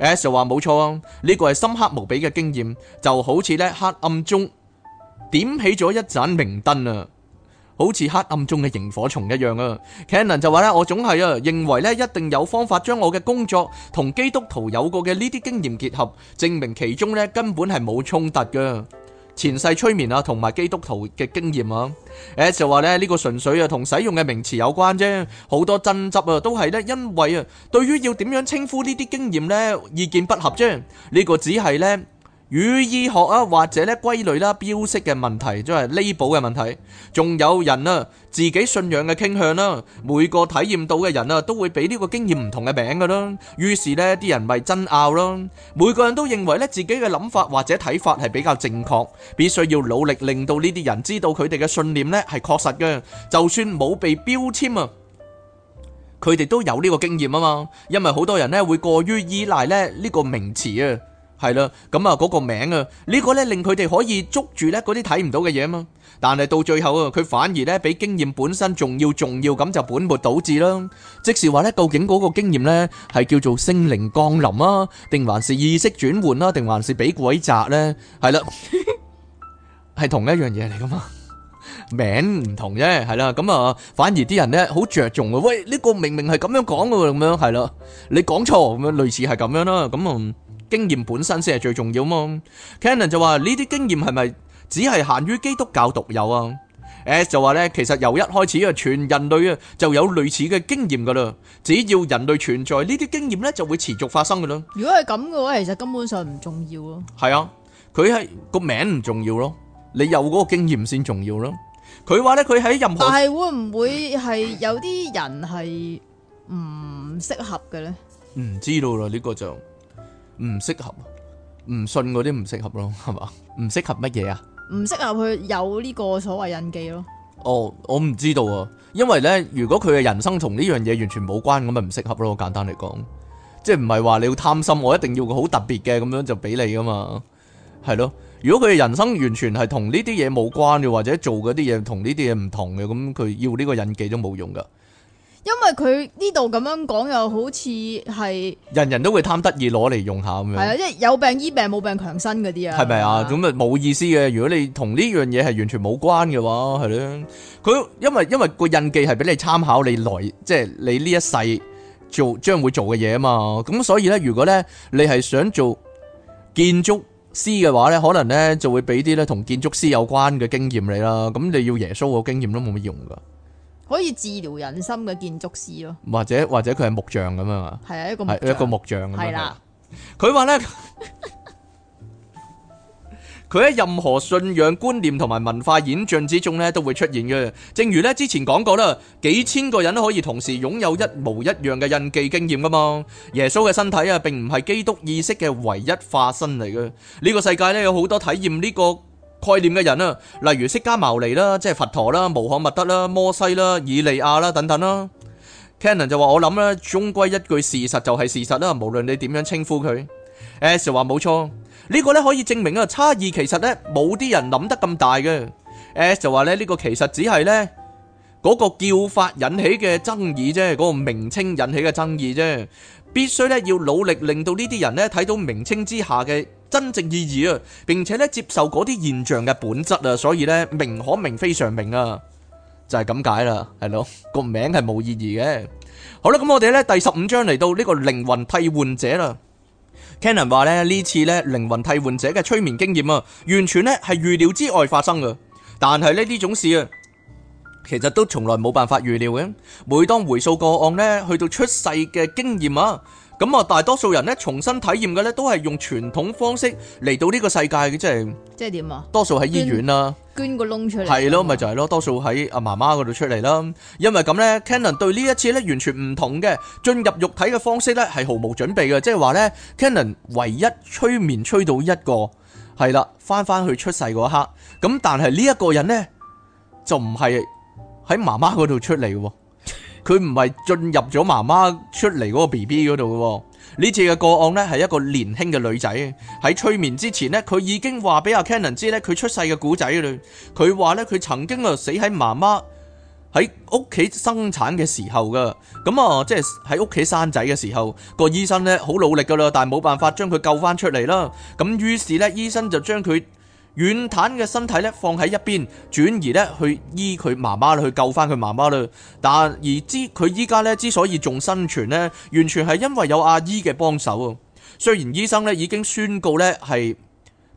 S 話冇錯啊，呢個係深刻無比嘅經驗，就好似咧黑暗中點起咗一盞明燈啊，好似黑暗中嘅螢火蟲一樣啊。Canon 就話咧，我總係啊認為咧一定有方法將我嘅工作同基督徒有過嘅呢啲經驗結合，證明其中咧根本係冇衝突㗎。前世催眠啊，同埋基督徒嘅經驗啊，誒就話咧呢個純粹啊同使用嘅名詞有關啫，好多爭執啊都係咧因為啊對於要點樣稱呼呢啲經驗咧意見不合啫，呢個只係咧，與醫學啊，或者咧歸類啦、啊、標識嘅問題，即係 label 嘅問題，仲有人啊自己信仰嘅傾向啦、啊，每個體驗到嘅人啊都會俾呢個經驗唔同嘅名噶啦，於是呢啲人咪爭拗咯。每個人都認為咧自己嘅諗法或者睇法係比較正確，必須要努力令到呢啲人知道佢哋嘅信念咧係確實嘅，就算冇被標籤啊，佢哋都有呢個經驗啊嘛。因為好多人呢會過於依賴咧呢個名詞啊。係啦，咁啊嗰個名啊，呢個咧令佢哋可以捉住咧嗰啲睇唔到嘅嘢啊嘛。但係到最後啊，佢反而咧比經驗本身仲要重要，咁就本末倒置啦。即是話咧，究竟嗰個經驗咧係叫做聲靈降臨啊，定還是意識轉換啊，定還是俾鬼砸咧？係啦，係同一樣嘢嚟噶嘛，名唔同啫。係啦，咁啊反而啲人咧好着重啊。喂，呢個明明係咁樣講嘅咁樣，係啦，你講錯咁樣，類似係咁樣啦，咁啊。經驗本身先係最重要嘛？Canon 就話呢啲經驗係咪只係限於基督教獨有啊？S 就話咧，其實由一開始啊，全人類啊就有類似嘅經驗噶啦。只要人類存在，呢啲經驗咧就會持續發生噶啦。如果係咁嘅話，其實根本上唔重要咯。係啊，佢係個名唔重要咯，你有嗰個經驗先重要咯。佢話咧，佢喺任何，但係會唔會係有啲人係唔適合嘅咧？唔知道啦，呢個就。唔適合，唔信嗰啲唔適合咯，係嘛？唔適合乜嘢啊？唔適合佢有呢個所謂印記咯。哦，我唔知道啊，因為呢，如果佢嘅人生同呢樣嘢完全冇關，咁咪唔適合咯。簡單嚟講，即係唔係話你要貪心，我一定要個好特別嘅咁樣就俾你㗎嘛。係咯，如果佢嘅人生完全係同呢啲嘢冇關嘅，或者做嗰啲嘢同呢啲嘢唔同嘅，咁佢要呢個印記都冇用噶。因為佢呢度咁樣講，又好似係人人都會貪得意攞嚟用下咁樣。係啊，即係有病醫病，冇病強身嗰啲啊。係咪啊？咁啊冇意思嘅。如果你同呢樣嘢係完全冇關嘅話，係咧。佢因為因為個印記係俾你參考，你來即係、就是、你呢一世做將會做嘅嘢啊嘛。咁所以咧，如果咧你係想做建築師嘅話咧，可能咧就會俾啲咧同建築師有關嘅經驗你啦。咁你要耶穌個經驗都冇乜用噶。可以治療人心嘅建築師咯，或者或者佢係木匠咁啊，係啊，一個係一個木匠，係啦。佢話咧，佢喺任何信仰觀念同埋文化演進之中咧，都會出現嘅。正如咧之前講過啦，幾千個人都可以同時擁有一模一樣嘅印記經驗噶嘛。耶穌嘅身體啊，並唔係基督意識嘅唯一化身嚟嘅。呢個世界咧有好多體驗呢個概念嘅人啊，例如釋迦牟尼啦，即係佛陀啦，穆罕默德啦，摩西啦，以利亞啦等等啦。Canon 就話，我諗咧，終歸一句，事實就係事實啦，無論你點樣稱呼佢。S 就話冇錯，呢個咧可以證明啊，差異其實咧冇啲人諗得咁大嘅。S 就話咧，呢個其實只係咧嗰個叫法引起嘅爭議啫，嗰個名稱引起嘅爭議啫，必須咧要努力令到呢啲人咧睇到名稱之下嘅真正意義啊，並且咧接受嗰啲現象嘅本質啊，所以咧名可名非常名啊，就係咁解啦，係咯，個名係冇意義嘅。好啦，咁我哋咧第十五章嚟到呢個靈魂替換者啦。Cannon 話咧呢次咧靈魂替換者嘅催眠經驗啊，完全咧係預料之外發生嘅。但係咧呢種事啊，其實都從來冇辦法預料嘅。每當回溯個案咧，去到出世嘅經驗啊，咁啊，大多數人咧重新體驗嘅咧，都係用傳統方式嚟到呢個世界嘅，即係即係點啊？多數喺醫院啦，捐個窿出嚟，係咯，咪就係咯，多數喺阿媽媽嗰度出嚟啦。因為咁咧，Canon 對呢一次咧完全唔同嘅進入肉體嘅方式咧，係毫無準備嘅，即係話咧，Canon 唯一催眠催到一個係啦，翻翻去出世嗰刻。咁但係呢一個人咧就唔係喺媽媽嗰度出嚟嘅喎。佢唔係進入咗媽媽出嚟嗰個 BB 嗰度嘅喎，呢次嘅個案咧係一個年輕嘅女仔，喺催眠之前咧，佢已經話俾阿 Cannon 知咧，佢出世嘅古仔。佢話咧，佢曾經啊死喺媽媽喺屋企生產嘅時候噶，咁啊即係喺屋企生仔嘅時候，個醫生咧好努力噶啦，但係冇辦法將佢救翻出嚟啦。咁於是咧醫生就將佢，軟癱嘅身體咧放喺一邊，轉移咧去醫佢媽媽去救翻佢媽媽啦。但而之佢依家咧之所以仲生存咧，完全係因為有阿姨嘅幫手啊。雖然醫生咧已經宣告咧係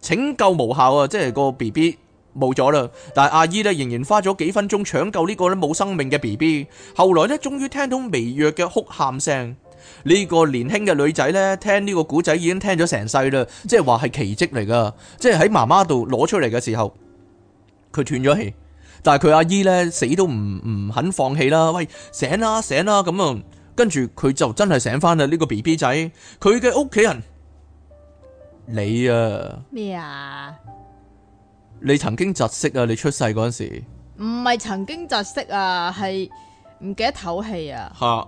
拯救無效啊，即係個 B B 冇咗啦，但係阿姨咧仍然花咗幾分鐘搶救呢個咧冇生命嘅 B B。後來咧終於聽到微弱嘅哭喊聲。呢個年輕嘅女仔咧，聽呢個古仔已經聽咗成世啦，即係話係奇蹟嚟噶，即係喺媽媽度攞出嚟嘅時候，佢斷咗氣，但係佢阿姨咧死都唔唔肯放棄啦，喂，醒啦，醒啦咁啊，跟住佢就真係醒翻啦呢個 BB 仔，佢嘅屋企人你啊咩啊，你曾經窒息啊，你出世嗰陣時？唔係曾經窒息啊，係唔記得唞氣啊吓。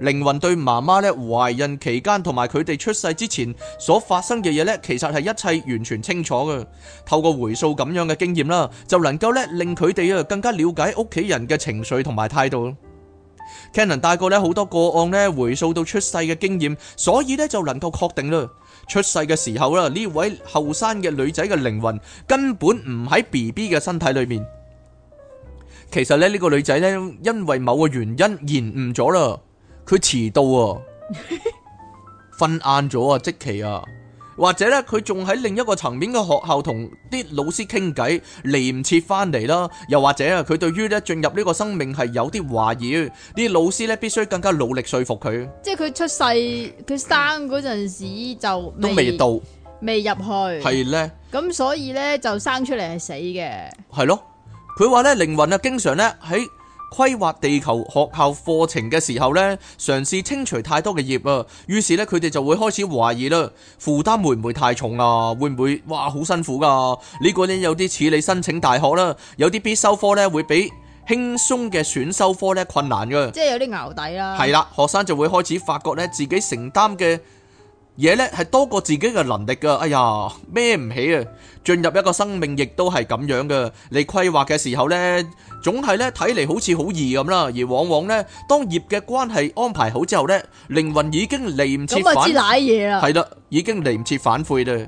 靈魂對媽媽咧懷孕期間同埋佢哋出世之前所發生嘅嘢咧，其實係一切完全清楚嘅。透過回溯咁樣嘅經驗啦，就能夠咧令佢哋啊更加了解屋企人嘅情緒同埋態度。Cannon 帶過咧好多個案咧回溯到出世嘅經驗，所以咧就能夠確定啦，出世嘅時候啦，呢位後生嘅女仔嘅靈魂根本唔喺 BB 嘅身體裏面。其實咧呢個女仔呢，因為某個原因延誤咗啦。佢遲到啊，瞓晏咗啊！即奇啊，或者咧佢仲喺另一個層面嘅學校同啲老師傾偈，嚟唔切翻嚟啦。又或者啊，佢對於咧進入呢個生命係有啲懷疑，啲老師咧必須更加努力説服佢。即係佢出世，佢生嗰陣時就都未到，未入去，係咧。咁所以咧就生出嚟係死嘅。係咯，佢話咧靈魂啊，經常咧喺。規劃地球學校課程嘅時候呢，嘗試清除太多嘅業啊，於是呢，佢哋就會開始懷疑啦，負擔會唔會太重啊？會唔會哇好辛苦噶？呢、呢個呢，有啲似你申請大學啦，有啲必修科呢，會比輕鬆嘅選修科呢困難噶，即係有啲淆底啦。係啦，學生就會開始發覺呢，自己承擔嘅嘢呢，係多過自己嘅能力噶，哎呀孭唔起啊！進入一個生命亦都係咁樣嘅，你規劃嘅時候咧，總係咧睇嚟，好似好易咁啦，而往往咧，當業嘅關係安排好之後咧，靈魂已經嚟唔切反，咁咪知瀨嘢啦。係啦，已經嚟唔切反悔啦。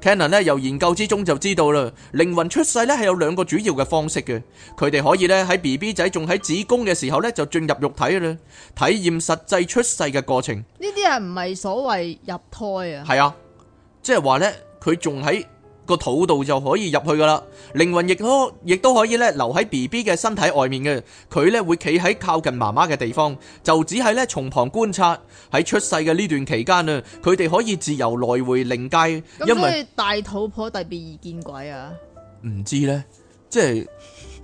Cannon 咧由研究之中就知道啦，靈魂出世咧係有兩個主要嘅方式嘅，佢哋可以咧喺 BB 仔仲喺子宮嘅時候咧就進入肉體啦，體驗實際出世嘅過程。呢啲係唔係所謂入胎啊？係啊，即係話咧，佢仲喺。個肚度就可以入去噶啦，靈魂亦可亦都可以咧留喺 B B 嘅身體外面嘅，佢咧會企喺靠近媽媽嘅地方，就只係咧從旁觀察喺出世嘅呢段期間啊，佢哋可以自由來回靈界。咁所以大肚婆特別易見鬼啊？唔知呢？即係呢、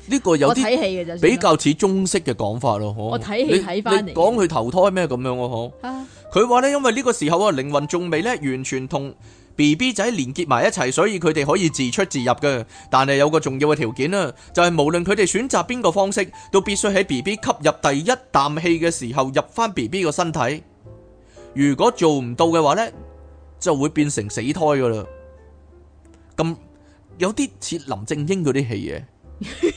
呢個有啲比較似中式嘅講法咯。 我睇戲睇翻講佢投胎咩咁樣啊？佢話咧，因為呢個時候啊，靈魂仲未咧完全同。B B 仔連結埋一齊，所以佢哋可以自出自入嘅。但係有個重要嘅條件啦，就係、是、無論佢哋選擇邊個方式，都必須喺 B B 吸入第一啖氣嘅時候入翻 B B 個身體。如果做唔到嘅話呢，就會變成死胎噶啦。咁有啲似林正英嗰啲戲嘅，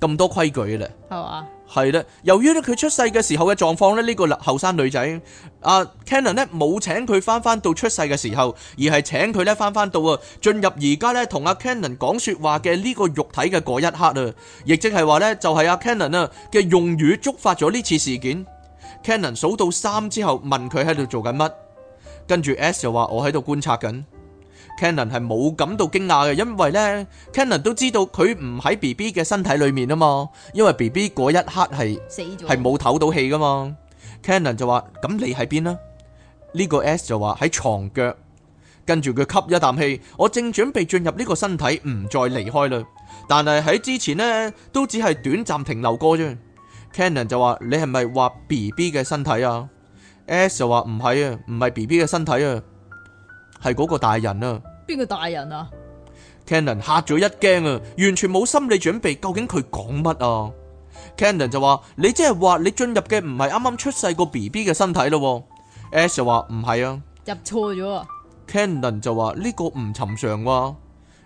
咁 多規矩啦。係嘛、啊？係啦，由於咧佢出世嘅時候嘅狀況咧，這個啊、呢個後生女仔阿 Cannon 咧冇請佢返返到出世嘅時候，而係請佢咧返返到啊進入而家咧同阿 Cannon 講說話嘅呢個肉體嘅嗰一刻啊，亦即係話咧就係阿 Cannon 啊嘅用語觸發咗呢次事件。Cannon 數到三之後問佢喺度做緊乜？跟住 S 就話我喺度觀察緊。Cannon 係冇感到驚訝嘅，因為呢 Cannon 都知道佢唔喺 B B 嘅身體裏面啊嘛，因為 B B 嗰一刻係死咗，係冇唞到氣噶嘛。Cannon 就話：咁你喺邊啊？呢個 S 就話喺床腳，跟住佢吸一啖氣，我正準備進入呢個身體，唔再離開啦。但係喺之前呢，都只係短暫停留過啫。Cannon 就話：你係咪話 B B 嘅身體啊？S 就話：唔係啊，唔係 B B 嘅身體啊。係嗰個大人啊，邊個大人啊？Cannon 吓咗一驚啊，完全冇心理準備。究竟佢講乜啊？Cannon 就話：你即係話你進入嘅唔係啱啱出世個 BB 嘅身體咯？Ash 就話唔係啊，入錯咗啊。Cannon 就話呢個唔尋常喎。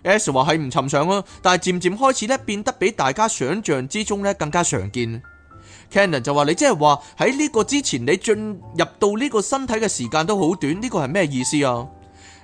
Ash 話係唔尋常啊，但係漸漸開始咧變得比大家想象之中咧更加常見。Cannon 就話：你即係話喺呢個之前你進入到呢個身體嘅時間都好短，呢個係咩意思啊？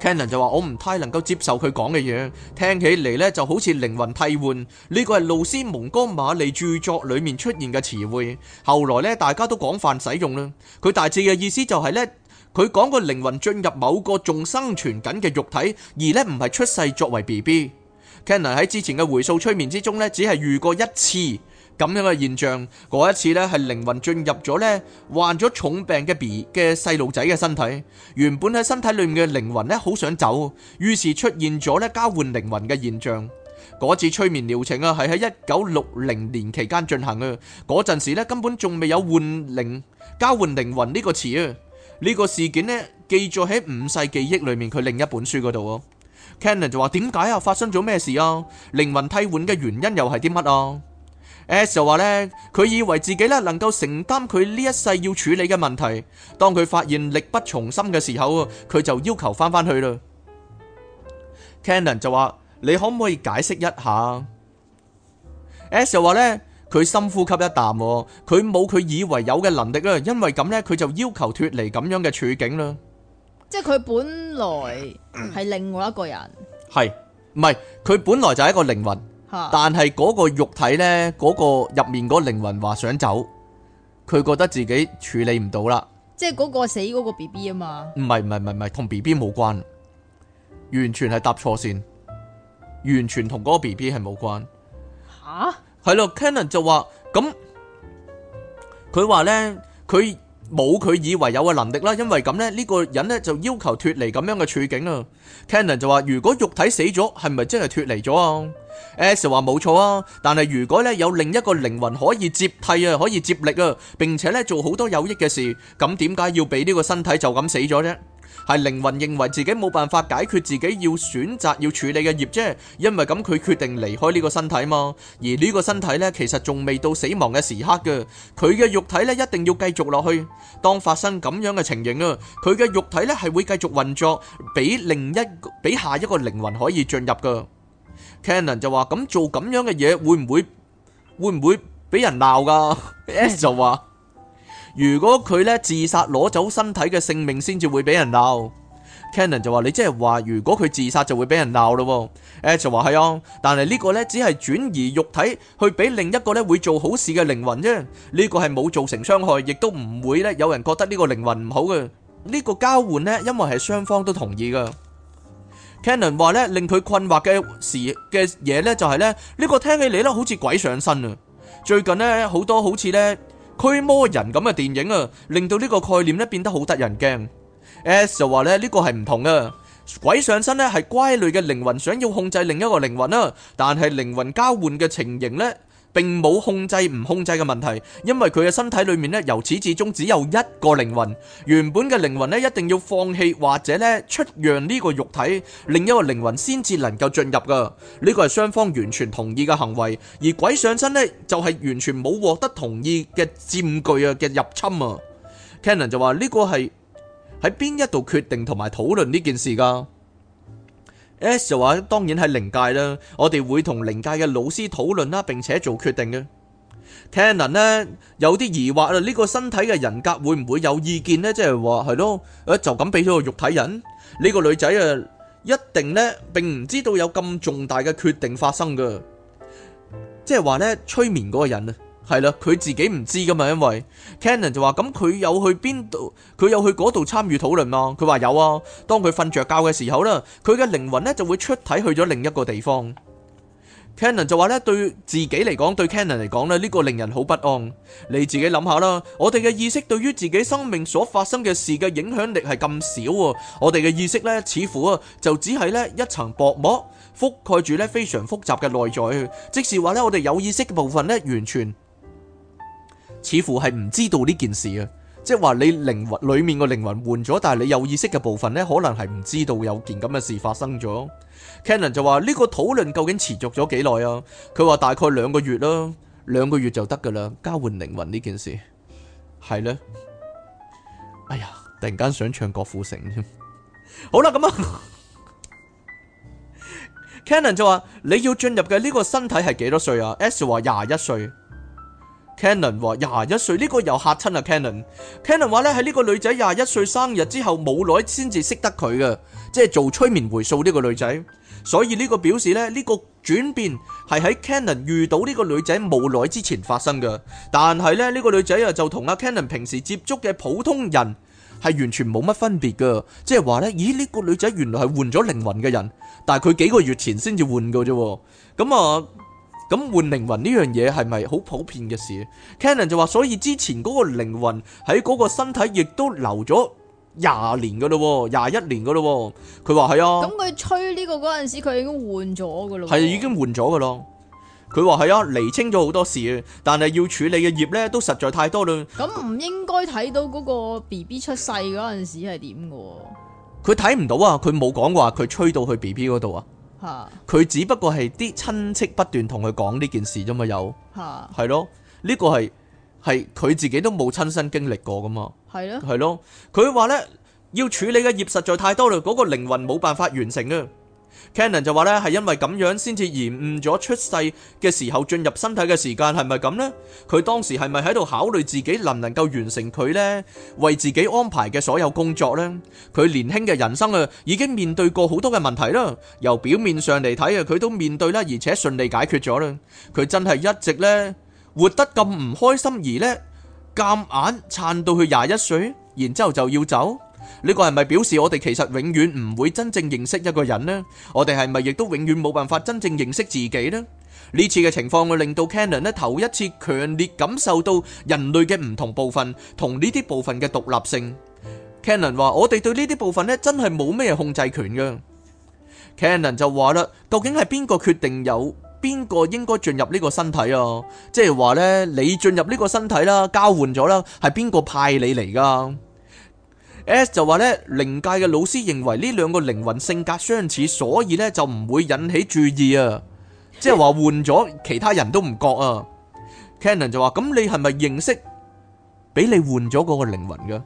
Cannon 就話：我唔太能夠接受佢講嘅嘢，聽起嚟呢就好似靈魂替換。呢個係露絲蒙哥馬利著作裡面出現嘅詞彙，後來呢，大家都廣泛使用啦。佢大致嘅意思就係呢，佢講個靈魂進入某個仲生存緊嘅肉體，而呢唔係出世作為 BB。Cannon 喺之前嘅回溯催眠之中呢，只係遇過一次。咁樣嘅現象嗰一次咧，係靈魂進入咗咧，患咗重病嘅 B 嘅細路仔嘅身體，原本喺身體裏面嘅靈魂咧，好想走，於是出現咗咧交換靈魂嘅現象。嗰次催眠療程啊，係喺一九六零年期間進行嘅。嗰陣時咧，根本仲未有換靈交換靈魂呢個詞啊。呢個事件咧，記載喺五世記憶裏面佢另一本書嗰度哦。Cannon 就話：點解啊？發生咗咩事啊？靈魂替換嘅原因又係啲乜啊？S 就話咧，佢以為自己咧能夠承擔佢呢一世要處理嘅問題。當佢發現力不從心嘅時候，佢就要求翻翻去啦。Cannon 就話：你可唔可以解釋一下？S 就話咧，佢深呼吸一啖，佢冇佢以為有嘅能力啦，因為咁咧，佢就要求脫離咁樣嘅處境啦。即係佢本來係另外一個人，係，唔係，佢本來就係一個靈魂。但係嗰個肉體呢，嗰個入面嗰靈魂話想走，佢覺得自己處理唔到啦。即係嗰個死嗰個 B B 啊嘛？唔係唔係唔係唔係，同 B B 冇關，完全係搭錯線，完全同嗰個 B B 係冇關。吓、啊，係咯 Kennen 就話咁，佢話呢，佢。冇佢以為有嘅能力啦，因為咁咧，呢個人呢，就要求脱離咁樣嘅處境啊。Cannon 就話：如果肉體死咗，係咪真係脱離咗啊？Ash 話冇錯啊，但係如果呢，有另一個靈魂可以接替啊，可以接力啊，並且呢，做好多有益嘅事，咁點解要俾呢個身體就咁死咗啫？係靈魂認為自己冇辦法解決自己要選擇要處理嘅業啫，因為咁佢決定離開呢個身體嘛。而呢個身體咧，其實仲未到死亡嘅時刻嘅，佢嘅肉體咧一定要繼續落去。當發生咁樣嘅情形啊，佢嘅肉體咧係會繼續運作，俾另一個俾下一個靈魂可以進入噶。Cannon 就話：咁做咁樣嘅嘢會唔會會唔會俾人鬧噶？S 就話：如果佢咧自殺攞走身體嘅性命，先至會俾人鬧。Cannon 就話：你即係話，如果佢自殺就會俾人鬧咯。Ed 就話：係啊，但係呢個咧只係轉移肉體去俾另一個咧會做好事嘅靈魂啫。呢個係冇造成傷害，亦都唔會咧有人覺得呢個靈魂唔好嘅。呢個交換咧，因為係雙方都同意㗎。Cannon 話咧，令佢困惑嘅時嘅嘢咧，就係咧呢個聽起嚟咧好似鬼上身啊！最近咧好多好似咧。驅魔人咁嘅電影啊，令到呢個概念呢變得好得人驚。S 就話咧呢個係唔同啊，鬼上身呢係乖類嘅靈魂想要控制另一個靈魂啊，但係靈魂交換嘅情形呢。並冇控制唔控制嘅問題，因為佢嘅身體裏面咧，由始至終只有一個靈魂。原本嘅靈魂咧，一定要放棄或者咧出讓呢個肉體，另一個靈魂先至能夠進入噶。呢個係雙方完全同意嘅行為，而鬼上身呢，就係完全冇獲得同意嘅佔據啊嘅入侵啊。Canon 就話呢個係喺邊一度決定同埋討論呢件事噶。S 就話當然係靈界啦，我哋會同靈界嘅老師討論啦，並且做決定嘅。Canon 咧有啲疑惑啦，呢個身體嘅人格會唔會有意見咧？即係話係咯，誒就咁俾咗個肉體人呢個女仔啊，一定咧並唔知道有咁重大嘅決定發生㗎，即係話咧催眠嗰個人啊。係啦，佢自己唔知噶嘛，因為 Canon 就話：咁佢有去邊度？佢有去嗰度參與討論嘛。佢話有啊。當佢瞓着覺嘅時候呢，佢嘅靈魂呢就會出體去咗另一個地方。Canon 就話呢，對自己嚟講，對 Canon 嚟講呢，呢個令人好不安。你自己諗下啦，我哋嘅意識對於自己生命所發生嘅事嘅影響力係咁少喎，我哋嘅意識呢，似乎啊就只係呢一層薄膜覆蓋住呢非常複雜嘅內在。即是話呢，我哋有意識嘅部分呢，完全。似乎係唔知道呢件事啊，即係話你靈魂裡面個靈魂換咗，但係你有意識嘅部分呢，可能係唔知道有件咁嘅事發生咗。Cannon 就話：呢個討論究竟持續咗幾耐啊？佢話大概兩個月啦、啊，兩個月就得噶啦。交換靈魂呢件事係呢？哎呀，突然間想唱郭富城添、啊。好啦，咁啊 ，Cannon 就話你要進入嘅呢個身體係幾多歲啊？S 話廿一歲。Cannon 話廿一歲呢個又嚇親啊！Cannon，Cannon 話咧喺呢個女仔廿一歲生日之後冇耐先至識得佢嘅，即係做催眠回溯呢個女仔。所以呢個表示咧，呢個轉變係喺 Cannon 遇到呢個女仔冇耐之前發生嘅。但係咧，呢個女仔啊就同阿 Cannon 平時接觸嘅普通人係完全冇乜分別㗎。即係話咧，咦呢個女仔原來係換咗靈魂嘅人，但係佢幾個月前先至換嘅啫。咁啊～咁換靈魂呢樣嘢係咪好普遍嘅事？Cannon 就話，所以之前嗰個靈魂喺嗰個身體亦都留咗廿年嘅咯喎，廿一年嘅咯喎。佢話係啊。咁佢吹呢個嗰陣時，佢已經換咗嘅咯。係已經換咗嘅咯。佢話係啊，釐清咗好多事，但係要處理嘅業咧都實在太多啦。咁唔應該睇到嗰個 B B 出世嗰陣時係點嘅？佢睇唔到啊！佢冇講話佢吹到去 B B 嗰度啊。佢只不過係啲親戚不斷同佢講呢件事啫嘛，有係咯，呢個係係佢自己都冇親身經歷過噶嘛，係咯，係咯，佢話咧要處理嘅業實在太多啦，嗰個靈魂冇辦法完成啊。Canon 就話咧，係因為咁樣先至延誤咗出世嘅時候進入身體嘅時間，係咪咁咧？佢當時係咪喺度考慮自己能唔能夠完成佢咧，為自己安排嘅所有工作咧？佢年輕嘅人生啊，已經面對過好多嘅問題啦。由表面上嚟睇啊，佢都面對啦，而且順利解決咗啦。佢真係一直咧活得咁唔開心，而咧夾硬撐到佢廿一歲，然之後就要走。呢個係咪表示我哋其實永遠唔會真正認識一個人呢，我哋係咪亦都永遠冇辦法真正認識自己呢？呢次嘅情況會令到 Cannon 呢頭一次強烈感受到人類嘅唔同部分同呢啲部分嘅獨立性。Cannon 話我哋對呢啲部分呢真係冇咩控制權噶。Cannon 就話啦，究竟係邊個決定有邊個應該進入呢個身體啊？即係話呢，你進入呢個身體啦，交換咗啦，係邊個派你嚟噶？S 就話呢，靈界嘅老師認為呢兩個靈魂性格相似，所以呢就唔會引起注意啊，即係話換咗其他人都唔覺啊。Cannon 就話：咁你係咪認識俾你換咗嗰個靈魂嘅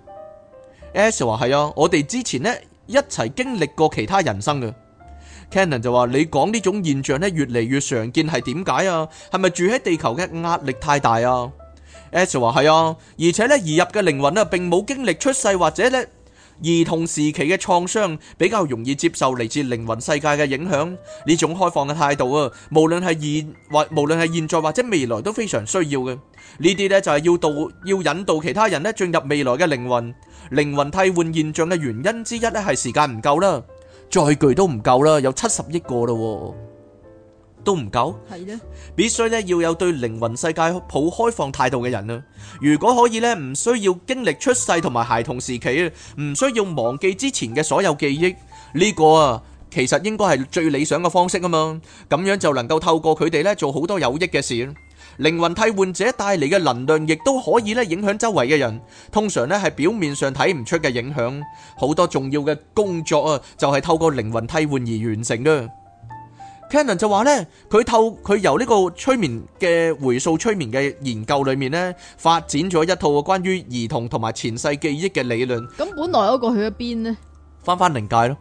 ？S 話係啊，我哋之前呢一齊經歷過其他人生嘅。Cannon 就話：你講呢種現象呢越嚟越常見係點解啊？係咪住喺地球嘅壓力太大啊？S 話係啊，而且呢，移入嘅靈魂咧，並冇經歷出世或者呢兒童時期嘅創傷，比較容易接受嚟自靈魂世界嘅影響。呢種開放嘅態度啊，無論係現或無論係現在或者未來都非常需要嘅。呢啲呢就係要導要引導其他人呢進入未來嘅靈魂。靈魂替換現象嘅原因之一呢，係時間唔夠啦，再巨都唔夠啦，有七十億個啦喎。都唔夠，係咧，必須咧要有對靈魂世界抱開放態度嘅人啦。如果可以咧，唔需要經歷出世同埋孩童時期啊，唔需要忘記之前嘅所有記憶，呢個啊其實應該係最理想嘅方式啊嘛。咁樣就能夠透過佢哋咧做好多有益嘅事。靈魂替換者帶嚟嘅能量亦都可以咧影響周圍嘅人，通常咧係表面上睇唔出嘅影響。好多重要嘅工作啊，就係透過靈魂替換而完成嘅。Kenon 就話咧，佢透佢由呢個催眠嘅回溯催眠嘅研究裏面咧，發展咗一套關於兒童同埋前世記憶嘅理論。咁本來嗰個去咗邊呢？翻翻靈界咯。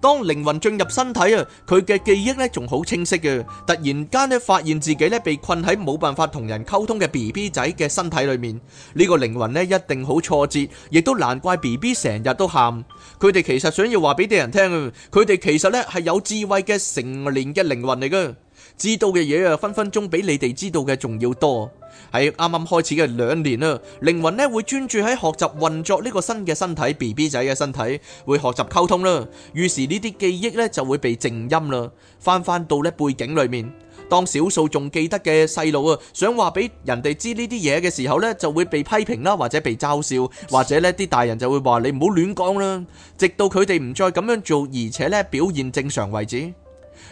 當靈魂進入身體啊，佢嘅記憶咧仲好清晰嘅。突然間咧，發現自己咧被困喺冇辦法同人溝通嘅 B B 仔嘅身體裏面。呢個靈魂咧一定好挫折，亦都難怪 B B 成日都喊。佢哋其實想要話俾啲人聽啊，佢哋其實咧係有智慧嘅成年嘅靈魂嚟噶，知道嘅嘢啊分分鐘比你哋知道嘅仲要多。係啱啱開始嘅兩年啦，靈魂咧會專注喺學習運作呢個新嘅身體 B B 仔嘅身體，會學習溝通啦。於是呢啲記憶咧就會被靜音啦。返返到咧背景裏面，當少數仲記得嘅細路啊，想話俾人哋知呢啲嘢嘅時候咧，就會被批評啦，或者被嘲笑，或者咧啲大人就會話你唔好亂講啦。直到佢哋唔再咁樣做，而且咧表現正常為止。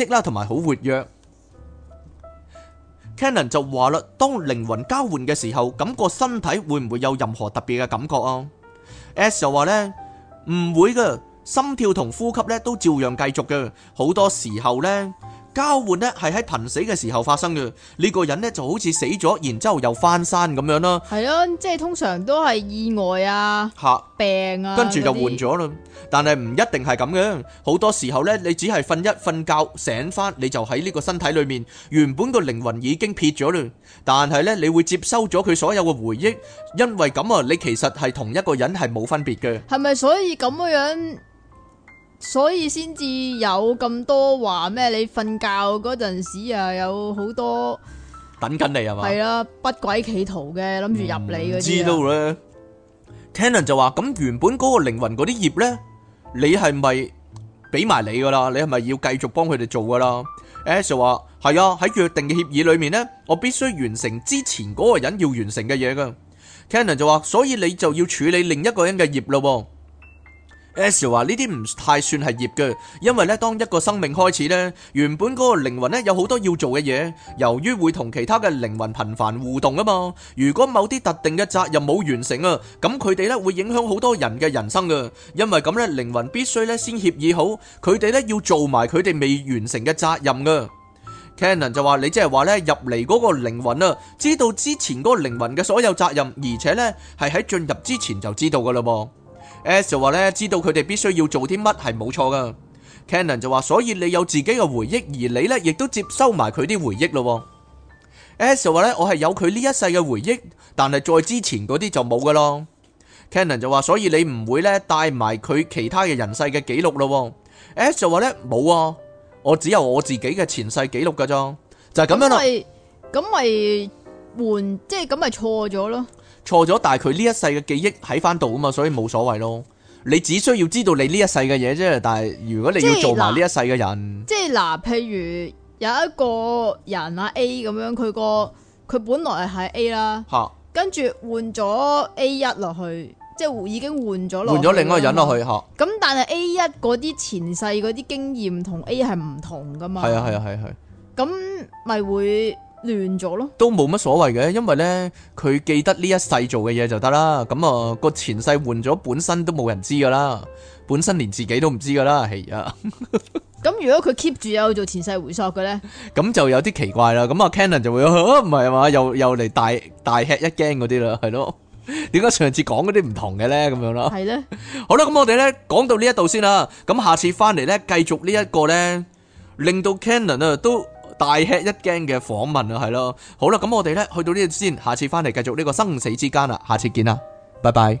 即啦，同埋好活躍。Canon 就話啦，當靈魂交換嘅時候，感覺身體會唔會有任何特別嘅感覺啊？S 就話咧，唔會㗎，心跳同呼吸咧都照樣繼續嘅。好多時候咧。交換呢係喺瀕死嘅時候發生嘅，呢個人呢就好似死咗，然之後又翻山咁樣啦。係啊，即係通常都係意外啊、吓病啊，跟住就換咗啦。但係唔一定係咁樣，好多時候呢，你只係瞓一瞓覺醒翻，你就喺呢個身體裏面，原本個靈魂已經撇咗嘞。但係呢，你會接收咗佢所有嘅回憶，因為咁啊，你其實係同一個人係冇分別嘅。係咪所以咁樣？所以先至有咁多話咩？你瞓覺嗰陣時啊，有好多等緊你係嘛？係啊，不軌企圖嘅，諗住入你嗰啲啊。知道咧，Cannon 就話：咁原本嗰個靈魂嗰啲業咧，你係咪俾埋你噶啦？你係咪要繼續幫佢哋做噶啦？Ash 就話：係啊，喺約定嘅協議裏面咧，我必須完成之前嗰個人要完成嘅嘢噶。Cannon 就話：所以你就要處理另一個人嘅業咯。S 話呢啲唔太算係業嘅，因為咧當一個生命開始咧，原本嗰個靈魂咧有好多要做嘅嘢，由於會同其他嘅靈魂頻繁互動啊嘛。如果某啲特定嘅責任冇完成啊，咁佢哋咧會影響好多人嘅人生噶。因為咁咧，靈魂必須咧先協議好，佢哋咧要做埋佢哋未完成嘅責任噶。Cannon 就話：你即係話咧入嚟嗰個靈魂啊，知道之前嗰個靈魂嘅所有責任，而且咧係喺進入之前就知道噶啦噃。S, S 就話咧，知道佢哋必須要做啲乜係冇錯噶。Canon 就話，所以你有自己嘅回憶，而你咧亦都接收埋佢啲回憶咯。S 就話咧，我係有佢呢一世嘅回憶，但係再之前嗰啲就冇噶咯。Canon 就話，所以你唔會咧帶埋佢其他嘅人世嘅記錄咯。S 就話咧，冇啊，我只有我自己嘅前世記錄噶咋，就係咁樣咯。咁咪咁咪換，即係咁咪錯咗咯。錯咗，但係佢呢一世嘅記憶喺翻度啊嘛，所以冇所謂咯。你只需要知道你呢一世嘅嘢啫。但係如果你是要做埋呢一世嘅人，即係嗱，譬如有一個人啊 A 咁樣，佢個，佢本來係 A 啦的，吓，跟住換咗 A 一落去，即係已經換咗落。換咗另外一個人落去吓。咁但係 A 一嗰啲前世嗰啲經驗同 A 係唔同噶嘛？係啊係啊係啊係。咁咪會？亂咗咯，都冇乜所謂嘅，因為咧佢記得呢一世做嘅嘢，就得啦。咁啊個前世換咗本身都冇人知噶啦，本身連自己都唔知噶啦，係啊。咁 如果佢 keep 住有做前世回溯嘅咧，咁就有啲奇怪啦。咁啊，Canon 就會唔係啊嘛，又又嚟，大大吃一驚嗰啲啦，係咯？點解上次講嗰啲唔同嘅咧？咁樣咯，係咧。 好啦，咁我哋咧講到呢一度先啦。咁下次翻嚟咧，繼續呢一個咧，令到 Canon 啊都。大吃一驚嘅訪問啊，係咯，好啦，咁我哋咧去到呢度先，下次返嚟繼續呢個生死之間啦，下次見啦，拜拜。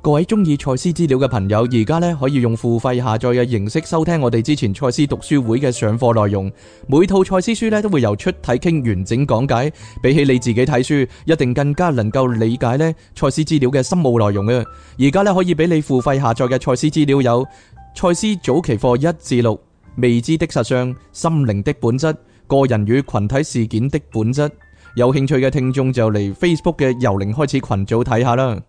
各位中意賽斯資料嘅朋友，而家咧可以用付費下載嘅形式收聽我哋之前賽斯讀書會嘅上課內容。每套賽斯書咧都會由出體傾完整講解，比起你自己睇書，一定更加能夠理解咧賽斯資料嘅深奧內容嘅。而家咧可以俾你付費下載嘅賽斯資料有賽斯早期課一至六、未知的實相、心靈的本質、個人與群體事件的本質。有興趣嘅聽眾就嚟 Facebook 嘅由零開始群組睇下啦。